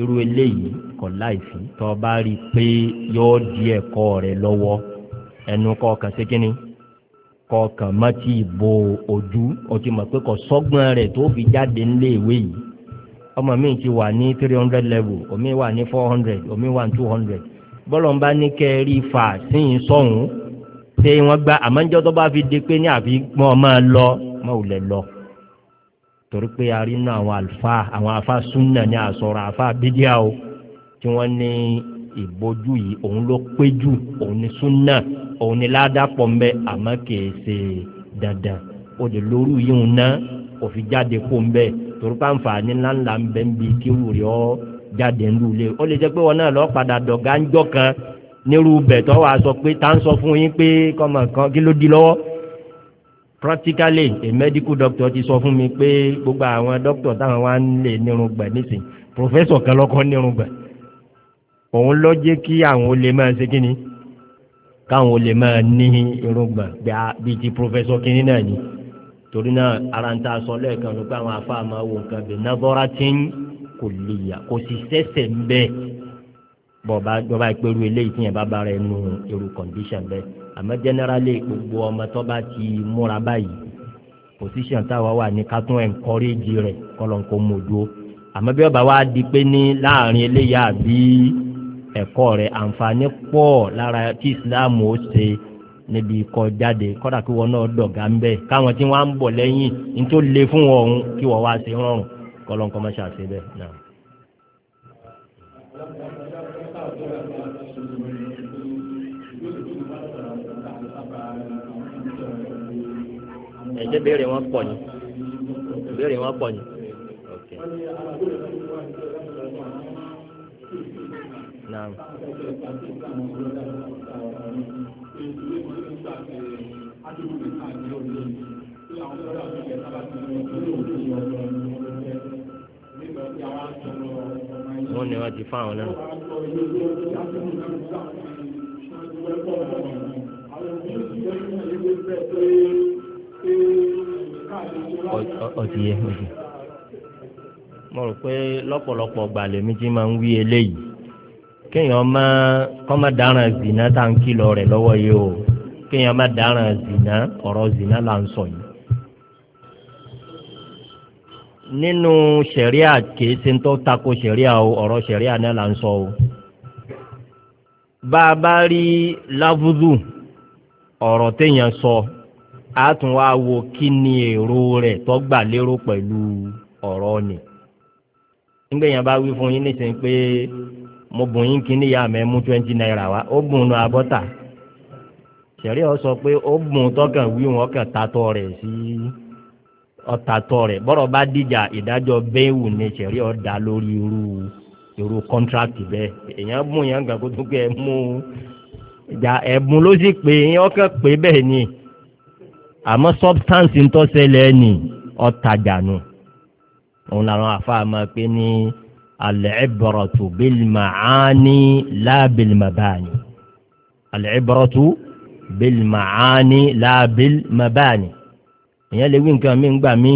irú eléyìí kọ̀ láìsí tọ́ bá rí i pé yóò di ẹ̀kọ́ rẹ̀ lọ́wọ́ ẹnu kọ̀ọ̀kan ṣé kínní kọ̀ọ̀kan má ti bo ojú o ti mọ̀ pé kò sọ́gbọ́n rẹ̀ tó fi jáde nílé ìwé yìí ọmọ mi ti wà ní three hundred level omi wà ní four hundred omi wà ní two hundred bọ́lọ̀ ń bá ní kẹ́ fà síyìn sọ́hùn ṣé wọ́n gba àmọ́njọ́ tó bá fi di pé ní àfi mọ́ ọ máa lọ mọ́ ò lẹ̀ lọ torí pé a rí inú àwọn àlùfáà àwọn àfa súnà ní àsọ̀rọ̀ àfa bídíà o tí wọ́n ní ìbojú yìí òun ló pé jù òun ní súnà òun ní ládàpọ̀ mbẹ́ àmọ́ kìí ṣe dandan o lè lóru yìí ná òfin jáde kó mbẹ́ torí pé àǹfààní ńláńlá ń bẹ́ ń bi kí wùrẹ́ ọ́ jáde ńlú lé o lè jẹ́ pé wọn náà lọ́ọ́ padà dọ̀gá ńjọ́ kan nírú bẹ̀tọ́ wa sọ pé tá ń sọ fún yín pé kọ́mọ kan kí ló di lọ́wọ́ practically a medical doctor ti sọ fún mi pé gbogbo àwọn doctor táwọn wá ń lè nírun gbà nísìnyí professor kan lọ́kọ́ nírun gbà òun lọ jẹ́ kí àwọn olè máa ṣe kí ni káwọn olè máa ní irungba bíi ti professor kínní náà ni torí náà ara ń ta sọ lẹ́ẹ̀kan ló pé àwọn afáàmà wò nǹkan bẹ̀ nàbọ́ra ti ń kò lè yà kò sì sẹ́sẹ̀ ń bẹ́ẹ̀ bọba bọba ìpẹrù eléyìí tìyẹn bá bára ẹnu èrò condition bẹ́ẹ̀ àmọ́ generally gbogbo ọmọ tó bá ti múra báyìí position táwa wà ní ká tún encourage rẹ̀ kọlọńkọ mọdó àmọ́ bí ọba wa di pé ní láàrin eléyà àbí ẹ̀kọ́ rẹ̀ àǹfààní pọ̀ lára tí Islam ó ṣe níbi ikọ̀ jáde kọ́dà kí wọn náà dọ̀gá ń bẹ̀ káwọn tí wọ́n á ń bọ̀ lẹ́yìn ní tó le fún wọn òun kí wọ́n wá ṣe rọrùn kọlọ́nkọ́ máa ṣàṣe bẹ́ẹ̀ náà. ṣé béèrè wọn pọ̀ ni béèrè wọn pọ̀ ni. Naam. wọ́n ní wọ́n ti fáwọn náà. Thank you. ọtí yẹ ọtí mo rò pé lọ́pọ̀lọpọ̀ ọgbà lèmi ti máa ń wí eléyìí kéèyàn má dáràn zina tá à ń kìlọ̀ rẹ̀ lọ́wọ́ yìí o kéèyàn má dáràn zina ọ̀rọ̀ zina là ń sọ yìí. nínú sẹ̀ríà kìí ṣe ń tó tako sẹ̀ríà o ọ̀rọ̀ sẹ̀ríà náà là ń sọ o. bá a tún wá wo kí ni èrò rẹ̀ tó gbà lérò pẹ̀lú ọ̀rọ̀ ni nígbà yẹn bá wí fún yín nísìnyí pé mo bùn yín kí níyà mẹ́ mú twenty naira wá ó ọ sọ pé ó bùn tọkàn wí wọn tatọ rẹ̀ sí ọ̀tatọ rẹ̀ bọ́rọ̀ bá dìjà ni sẹ̀rí ọ dá lórí irú irú kọ́ńtrákì bẹ́ẹ̀ èèyàn bùn yẹn mú ẹ̀bùn ló sì pé àmọ́ substance ń tọ́sẹ̀lẹ̀ ẹni ọ̀tàjànù òun làwọn àfáà máa pé ní al-ibratu bil ma'ani la bil mabani al-ibratu bil ma'ani la bil mabani èèyàn lè wí nǹkan mi ngbà mí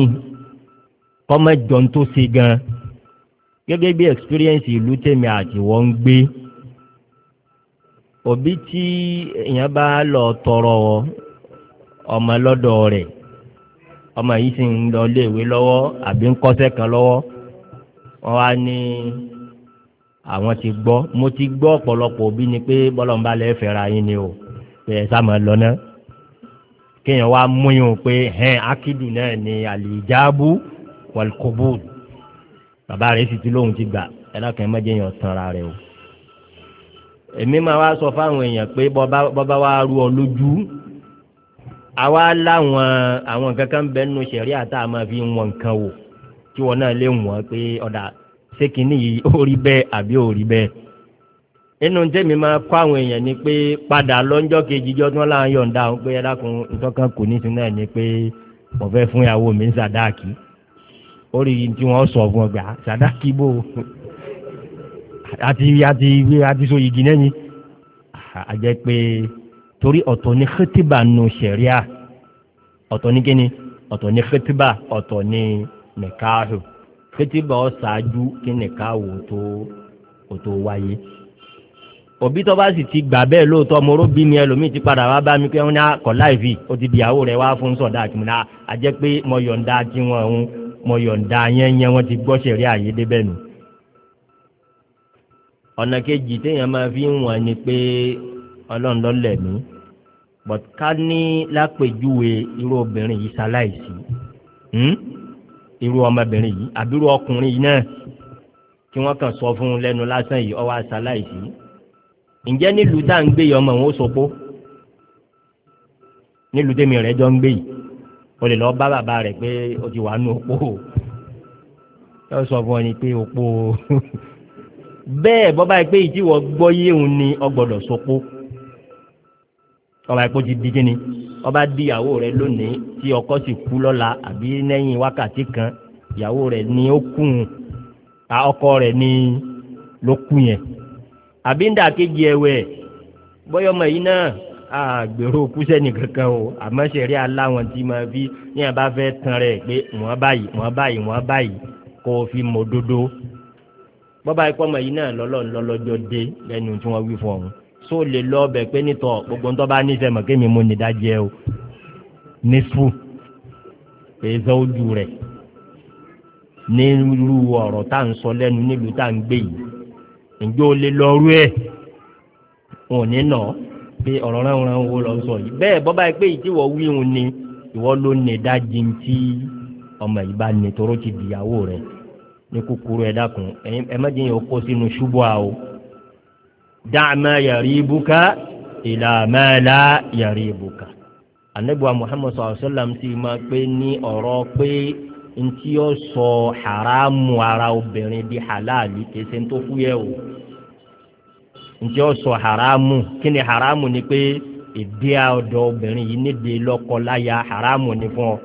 kọ́mọ tó ṣe gan gẹ́gẹ́ bí experience ìlú tèmi àti wọ́n gbé òbí tí èèyàn bá lọ tọrọ ọmọ lọ́dọ̀ rẹ̀ ọmọ yìí sì ń lọ léèwé lọ́wọ́ àbí ń kọ́sẹ́ kan lọ́wọ́ wọ́n wá ní àwọn ti gbọ́ mo ti gbọ́ ọ̀pọ̀lọpọ̀ òbí ni pé bọ́lọ̀mbà lẹ́ fẹ́ra yín ni o pé ẹ sá máa lọ náà kéèyàn wá múyàn pé hẹ́n ákídù náà ni àlìjáàbù wàlùkùbùd bàbá rẹ̀ sì ti lóhun ti gbà ẹ lákàn mẹ́jẹ̀ yàn tanra rẹ̀ o èmi máa wá sọ fáwọn èèyàn pé bọ́bá wá rú ọ lójú àwa láwọn àwọn nǹkan kan bẹ́ẹ̀ nù sẹ̀rí àtà máa fi wọn nǹkan wò tí wọn náà lè wọ́n pé ọ̀dà ṣé kìíní yìí ó rí bẹ́ẹ̀ àbí ó rí bẹ́ẹ̀ nínú tẹ́mi máa kọ́ àwọn èèyàn ni pé padà lọ́jọ́ kejì jọ́ tí wọ́n láwọn yọ̀ǹda àwọn pé ẹ̀dákun ntọ́kàn kò ní sinú ẹ̀ ni pé mo fẹ́ fún ìyàwó mi sàdáàkì ó rí tí wọ́n sọ fún ọgbà sàdáàkì bò àti àti àti so yìgì náà ni àjẹ́ pé torí ọ̀tọ̀ ni xetiba nù sẹ̀ríà ọ̀tọ̀ ni kíni ọ̀tọ̀ ni xetiba ọ̀tọ̀ ni nìkaahù xetiba ọ̀ ṣáájú kí nìkaahù tó kò tó wáyé òbí tó bá sì ti gbà bẹ́ẹ̀ lóòótọ́ mo ró bí mi ẹlòmíì ti padà wá bá mi pé wọ́n ní akọ̀ ah, láìvì ó ti di ìyàwó rẹ̀ wá fún sọ̀dá àti múná ah, a pé mo yọ̀ǹda tí wọ́n ń mo yọ̀ǹda yẹn wọ́n ti gbọ́ sẹ̀rí àyè débẹ̀ nù. ọ̀nà kejì téèyàn máa fi ń wọ̀n ni pé ọlọ́run lọ́lẹ̀ mí but ká ní lápèjúwe irú obìnrin yìí ṣaláìsí hmm? irú ọmọbìnrin yìí àbírú ọkùnrin yìí náà kí wọ́n kàn sọ fún un lẹ́nu lásán yìí ọwọ́ àṣaláìsí ǹjẹ́ nílùú tá à ń gbé yìí ọmọ òun ó sopó nílùú tèmi rẹ̀ jọ ń gbé yìí o lè lọ bá bàbá rẹ̀ pé o ti wà nù opó o yóò sọ fún ọ ni pé opó o bẹ́ẹ̀ bọ́ báyìí pé ìdíwọ́ gbọ́ yéhun ni ọgbọ́dọ̀ sopó. So tọ́ba ẹ̀kọ́ ti di kíni ọba di ìyàwó rẹ lónìí tí ọkọ sì kú lọ́la àbí lẹ́yìn wákàtí kan ìyàwó rẹ ni ó kùn ta ọkọ rẹ ni ló kù yẹn àbí ń dà kejì ẹ̀wẹ̀ bọ́yọ̀mọ yìí náà àgbèrò kúsẹ́nì kankan o àmọ́ sẹ̀rí aláwọn tí ma fi ní ẹ̀ bá fẹ́ tan rẹ̀ pé wọ́n báyìí wọ́n báyìí wọ́n báyìí kó o fi mọ̀ dodo bọ́ba ẹ̀kọ́ ọmọ yìí náà lọ́lọ́ ńlọ́lọ́jọ́ dé lẹ́nu tí wọ́n wí fún ọ̀hún só lè lọ ọbẹ̀ pé nítọ̀ gbogbo ńtọ́ bá níṣẹ́ mọ̀ kémi mo nìdá jẹ o nísù èzọ ojú rẹ̀ nílùú ọ̀rọ̀ tá à ń sọ lẹ́nu nílùú tá à ń gbé yìí ǹjẹ́ o lè lọ rú ẹ̀ wọn ò ní nà ọ́ pé ọ̀rọ̀ ránran wo lọ sọ yìí bẹ́ẹ̀ bọ́ báyìí pé ìtìwọ́ wíhun ni ìwọ ló nìdá jintí ọmọ yìí bá ní toró ti dìyàwó rẹ̀ ní kúkúrú ẹ̀ dákun ẹ̀ mẹ́jẹ̀ yẹn o kó sínú ṣubú a o. dáàmà yaribuka ila ma la yaribuka. anabiwa muhammadu sallallahu alaihi wa sallam ti ma pé ní ọ̀rọ̀ pé ntí yóò sọ haramu ara obìnrin di halali kese tó fúyẹ́ o ntí yóò sọ haramu kí ni haramu ni pé ìdí ọ̀dọ̀ obìnrin yìí nídìí lọ́kọláya haramu ni fún ọ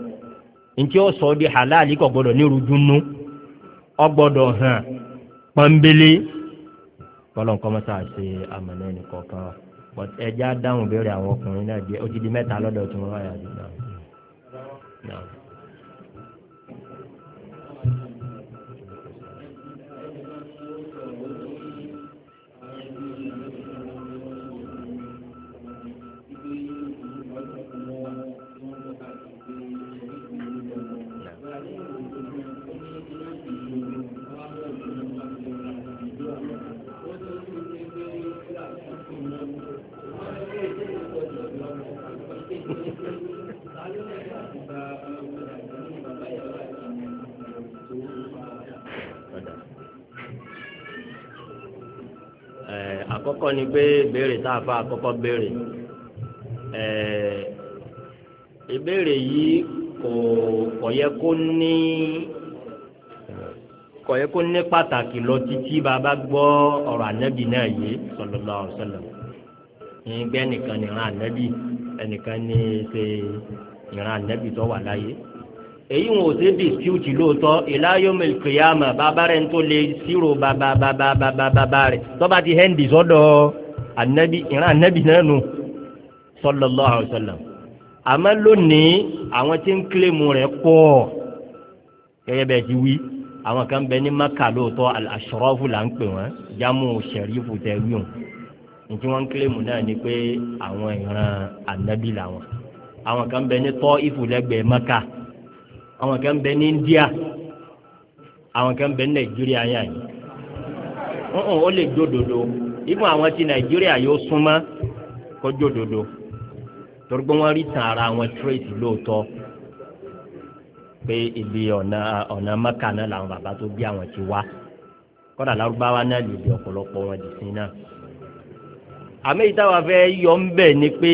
ntí yóò sọ di halali kò gbọdọ̀ ní rúdúnú ọ gbọdọ̀ hàn pọ́nbélé kọ́lọ́n kọ́ mọ́sá ṣe àmọ̀nà ẹnì wa but ẹja dáhùn béèrè àwọn ọkùnrin náà jẹ́ ó ti di mẹ́ta lọ́dọ̀ tí wọ́n wáyà jù náà. àkọ́kọ́ ni pé béèrè tá a fa àkọ́kọ́ béèrè ìbéèrè yìí kò kò yẹ kó ní kò yẹ kó ní pàtàkì lọ títí bàbá gbọ́ ọ̀rọ̀ ànábì náà yìí sallallahu alaihi wasallam ìgbẹ́ nìkan nìran ànábì ẹnìkan ní ṣe ìran ànábì tó wà láyé èyí wọn ò sí dispute lóòótọ́ ìláyọ̀mẹ̀lì kìyàmà bàbá rẹ̀ ń tó lè sírò bàbá bàbá bàbá bàbá rẹ̀ tọ́ba ti hẹ́ndì sọ́dọ̀ anabi ìran anabi náà nù sallallahu alaihi wasallam àmọ́ lónìí àwọn tí ń kílèmù rẹ̀ pọ̀ gẹ́gẹ́ bẹ́ẹ̀ ti wí àwọn kan bẹ ní maka lóòótọ́ al-ashrafu là ń pè wọ́n jámù sẹ̀rífù tẹ̀ wíwọ̀n nítí wọ́n ń kílèmù náà anabi làwọn àwọn kan bẹ ní tọ́ àwọn kan bẹ ní India àwọn kan bẹ ní Nàìjíríà yẹn àyè ọ̀hún ó lè jódodo ibùn àwọn ti Nàìjíríà yóò súnmọ́ kó jódodo torí pé wọ́n rí tàn ara àwọn tírèsì lóòótọ́ pé ibi ọ̀nà ọ̀nà mẹ́ka náà làwọn bàbá tó bí àwọn ti wá kọ́dà lárúbáwá náà lè di ọ̀pọ̀lọpọ̀ wọn dì sí náà àmì ìtawà fẹ́ yọ ń bẹ̀ ni pé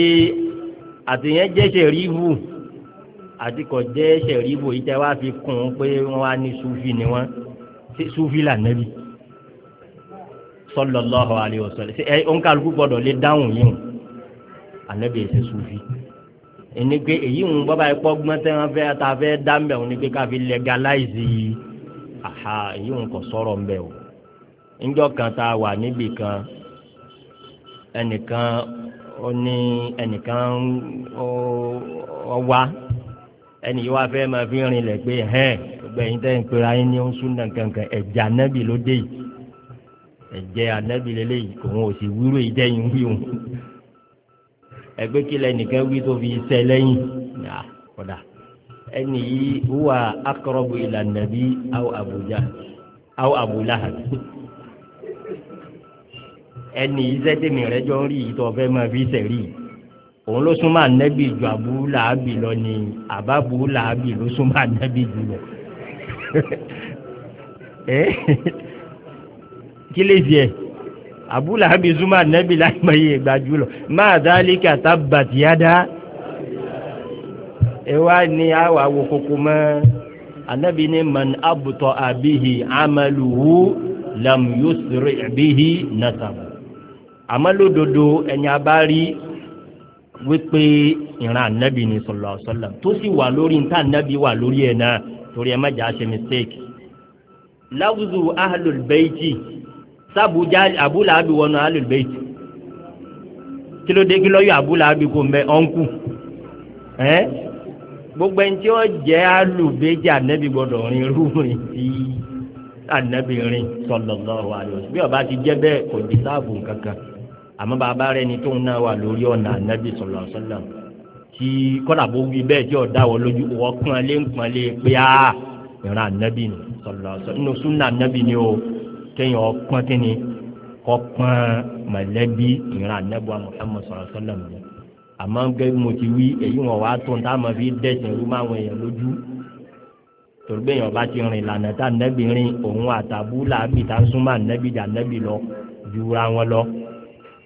àtìyẹn jẹ́ rí hù àti kọjẹ́ sẹ̀ríbò yìí tẹ́ wá fi kún un pé wọ́n wá ní sufi ni wọ́n ṣe sufi lànàbí sallallahu alaihi wasallam ṣe ẹ ònkàlùkù gbọ́dọ̀ lè dáhùn yìí ànàbí ṣe sufi ẹni pé èyí ń bọ́ báyìí pọ́gbọ́n tẹ́ wọ́n fẹ́ ta fẹ́ dá mbẹ́ òun ni pé ká fi legalize yìí àhà èyí ń kọ́ sọ̀rọ̀ mbẹ́ o ńjọ́ kan tá a wà níbì kan ẹnìkan ó ní ẹnìkan ó wá ẹni yìí wá fẹ́ máa fi rìn lẹ̀ pé hẹ́n gbogbo ẹ̀yin tẹ́ ń pera yín ní oṣù náà kankan ẹ̀jẹ̀ anábì ló dé yìí ẹ̀jẹ̀ anábì lélẹ́yìí òun ò sì wúrò yìí dẹ́yìn wí òun ẹgbẹ́ kílẹ̀ nìkan wí tó fi sẹ́ lẹ́yìn náà kọ́dà ẹni yìí wúwa akọrọ̀bù ìlànà bí àwọn àbújá àwọn àbúlá ẹni yìí sẹ́tẹ̀mì rẹ̀ jọ ń rí yìí tó fẹ́ máa fi sẹ̀ rí yìí òun ló súnmọ́ ànẹ́bí ju àbú làábì lọ ni àbábú làábì ló súnmọ́ ànẹ́bí jù lọ. Eh? kí lè fi ẹ̀ àbú làábì súnmọ́ ànẹ́bí láì mọ iye ìgbà jù lọ máa dálíkà tábàtì yá ẹ wá ní àwọn àwo kókó mọ́ ànẹ́bí ní man abutọ àbíhi amaluhu lam yusri àbíhi nasabu àmọ́ lódodo ẹ̀yìn abá wípé ìran ànábì ni sọlọ sọlọ tó sì wà lórí níta ànábì wà lórí ẹ̀ náà torí ẹ má jà á ṣe mistake. láwùzù ahlul bayti sábùjá abúlàábì wọnú ahlul bayti kí ló dé kí lọ́yọ̀ abúlàábì kò mẹ ọ̀nkù ẹ́ gbogbo ẹni tí wọ́n jẹ́ alùbẹ́jì ànábì gbọ́dọ̀ rìn rúrin sí ànábì rìn sọlọ lọ́wọ́ àlọ́ bí ọba ti jẹ́ bẹ́ẹ̀ kò dín sáàbù kankan àmọ́ bàbá rẹ ni tóun náà wà lórí ọ̀nà ànábì sọ̀rọ̀ sọ́lá tí kọ́lá bó wí bẹ́ẹ̀ tí ọ̀dà wọ lójú wọ́n kún alé ń kún alé pé á ìran ànábì ni sọ̀rọ̀ sọ́lá nínú súnà ànábì ni o kéèyàn ọpọ́n kíni ọpọ́n mọ̀lẹ́bí ìran ànábì wa Muhammad sọ̀rọ̀ sọ́lá mi àmọ́ gẹ́gẹ́ mo ti wí èyí wọn wá tó ń tá a máa fi dẹ̀sìn rú máwọn èèyàn lójú torípé èèyàn bá ti rìn lànà tá ànábì rìn òun àtàbúlà àbí tá a súnmọ́ ànábì dà ànábì lọ ju ra wọn lọ.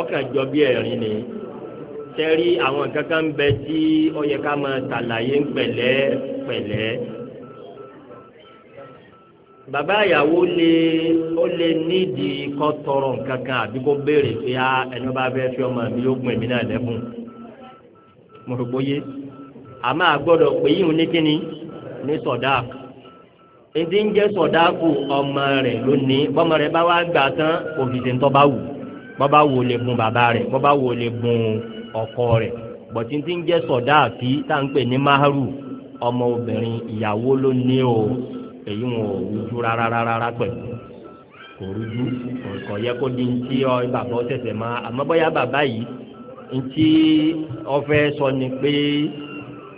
ọkàn jọ bí ẹ̀rín ni sẹ́rí àwọn nǹkan kan bẹ tí ó yẹ ká máa tàlàyé ń pẹ̀lẹ́ pẹ̀lẹ́ bàbá ìyàwó lè ó lè nídìí kọ́ tọrọ nǹkan kan àbí kó béèrè pé á ẹni bá fẹ́ fi ọmọ mi yóò gbìn mí náà lẹ́bùn mo rò bóyé àmọ́ àgbọ́dọ̀ pé yíyún ní kíni ní sọ̀dáàkù èdè ń jẹ́ sọ̀dáàkù ọmọ rẹ̀ lónìí bọ́mọ rẹ̀ bá wá gbà tán òfìsè ń tọ́ bá wù. bọ́bá wo lè gun bàbá rẹ̀ bọ́bá wo ọkọ rẹ̀ bọ̀tí tí ń jẹ́ sọ̀dá àti tá à ń pè ní maharu ọmọ obìnrin ìyàwó ló ní o èyí ò rújú rárá rárá pẹ̀lú kò rújú kò yẹ kó di ọ bàbá ọ tẹsẹ̀ máa àmọ́ bóyá bàbá yìí ntí sọ ni pé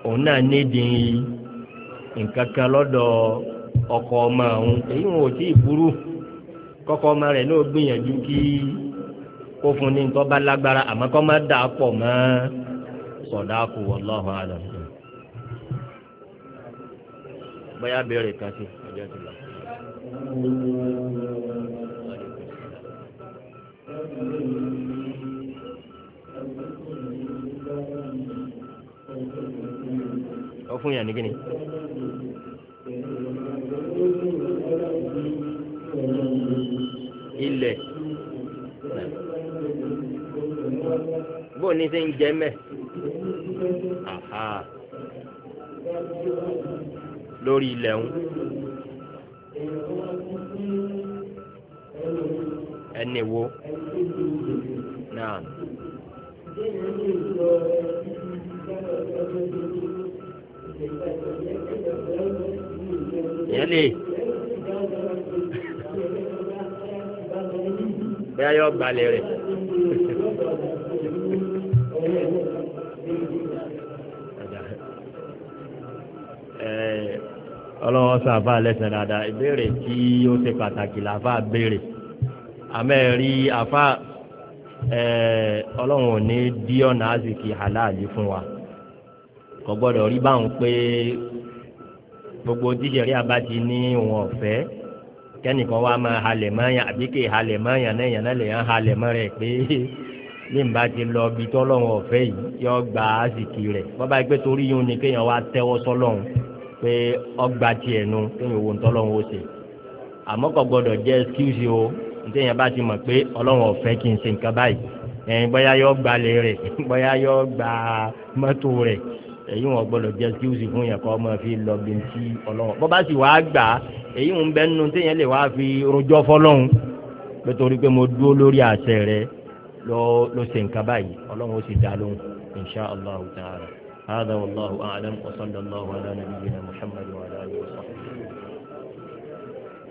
òun náà ọkọ ọmọ òun èyí wọn tí ì burú kọ́kọ́ kó fún ní nǹkan bá lágbára àmọ́ kọ́ má dà á pọ̀ mọ́ sọ̀dá kù wallahu alam. bóyá béèrè kan sí ọjọ́ ti lọ. ọ fún yàn ní kíni. ilẹ̀. bóun ní ṣe ń jẹ mẹ́ lórí ilẹ̀ ń ẹni wo náà. ìyẹn lè bẹ́ẹ̀ yọ gbalẹ̀ rẹ̀. ọlọ́wọ́ sàfà lẹ́sẹ̀ dáadáa ìbéèrè tí ó ṣe pàtàkì làfà béèrè àmẹ́rí àfà ọlọ́run ò ní dí ọ̀nà àzìkì halali fún wa kò gbọ́dọ̀ rí báwọn pé gbogbo tíṣẹ̀rí abájí ní òun ọ̀fẹ́ kẹ́nìkan wá máa halẹ̀ mọ́yàn àbí kè halẹ̀ mọ́yàn náà yàn náà lè yàn halẹ̀ mọ́ rẹ̀ pé bí n bá ti lọ bí tọ́lọ́run ọ̀fẹ́ yìí yọ gba àzìkì rẹ̀ bọ́bá yìí pé torí yóò ní kéèyàn wá tẹ́wọ́ sọ́lọ́run. So pé ọgbà tiẹ̀ nu kéèyàn owó ntọ́lọ́wọ́ ó ṣe àmọ́ kò gbọ́dọ̀ jẹ́ excuse o ntẹ̀yìn bá ti mọ̀ pé ọlọ́run ọ̀fẹ́ kì í ṣe nǹkan báyìí ẹ̀yìn bóyá yọ gba lè rẹ̀ bóyá yọ gba mọ́tò rẹ̀ èyí wọn gbọ́dọ̀ jẹ́ excuse fún yẹn kọ́ ọmọ fi lọ bí ti ọlọ́run bọ́ bá sì wàá gbà èyí ń bẹ́ nu téèyàn lè wàá fi rojọ́ fọlọ́run nítorí pé mo dúró lórí àṣẹ rẹ ló ló ṣe nǹkan báyìí ọlọ́run ó sì dá lóhùn insha Allah ta'ala. هذا والله أعلم وصلى الله على نبينا محمد وعلى آله وصحبه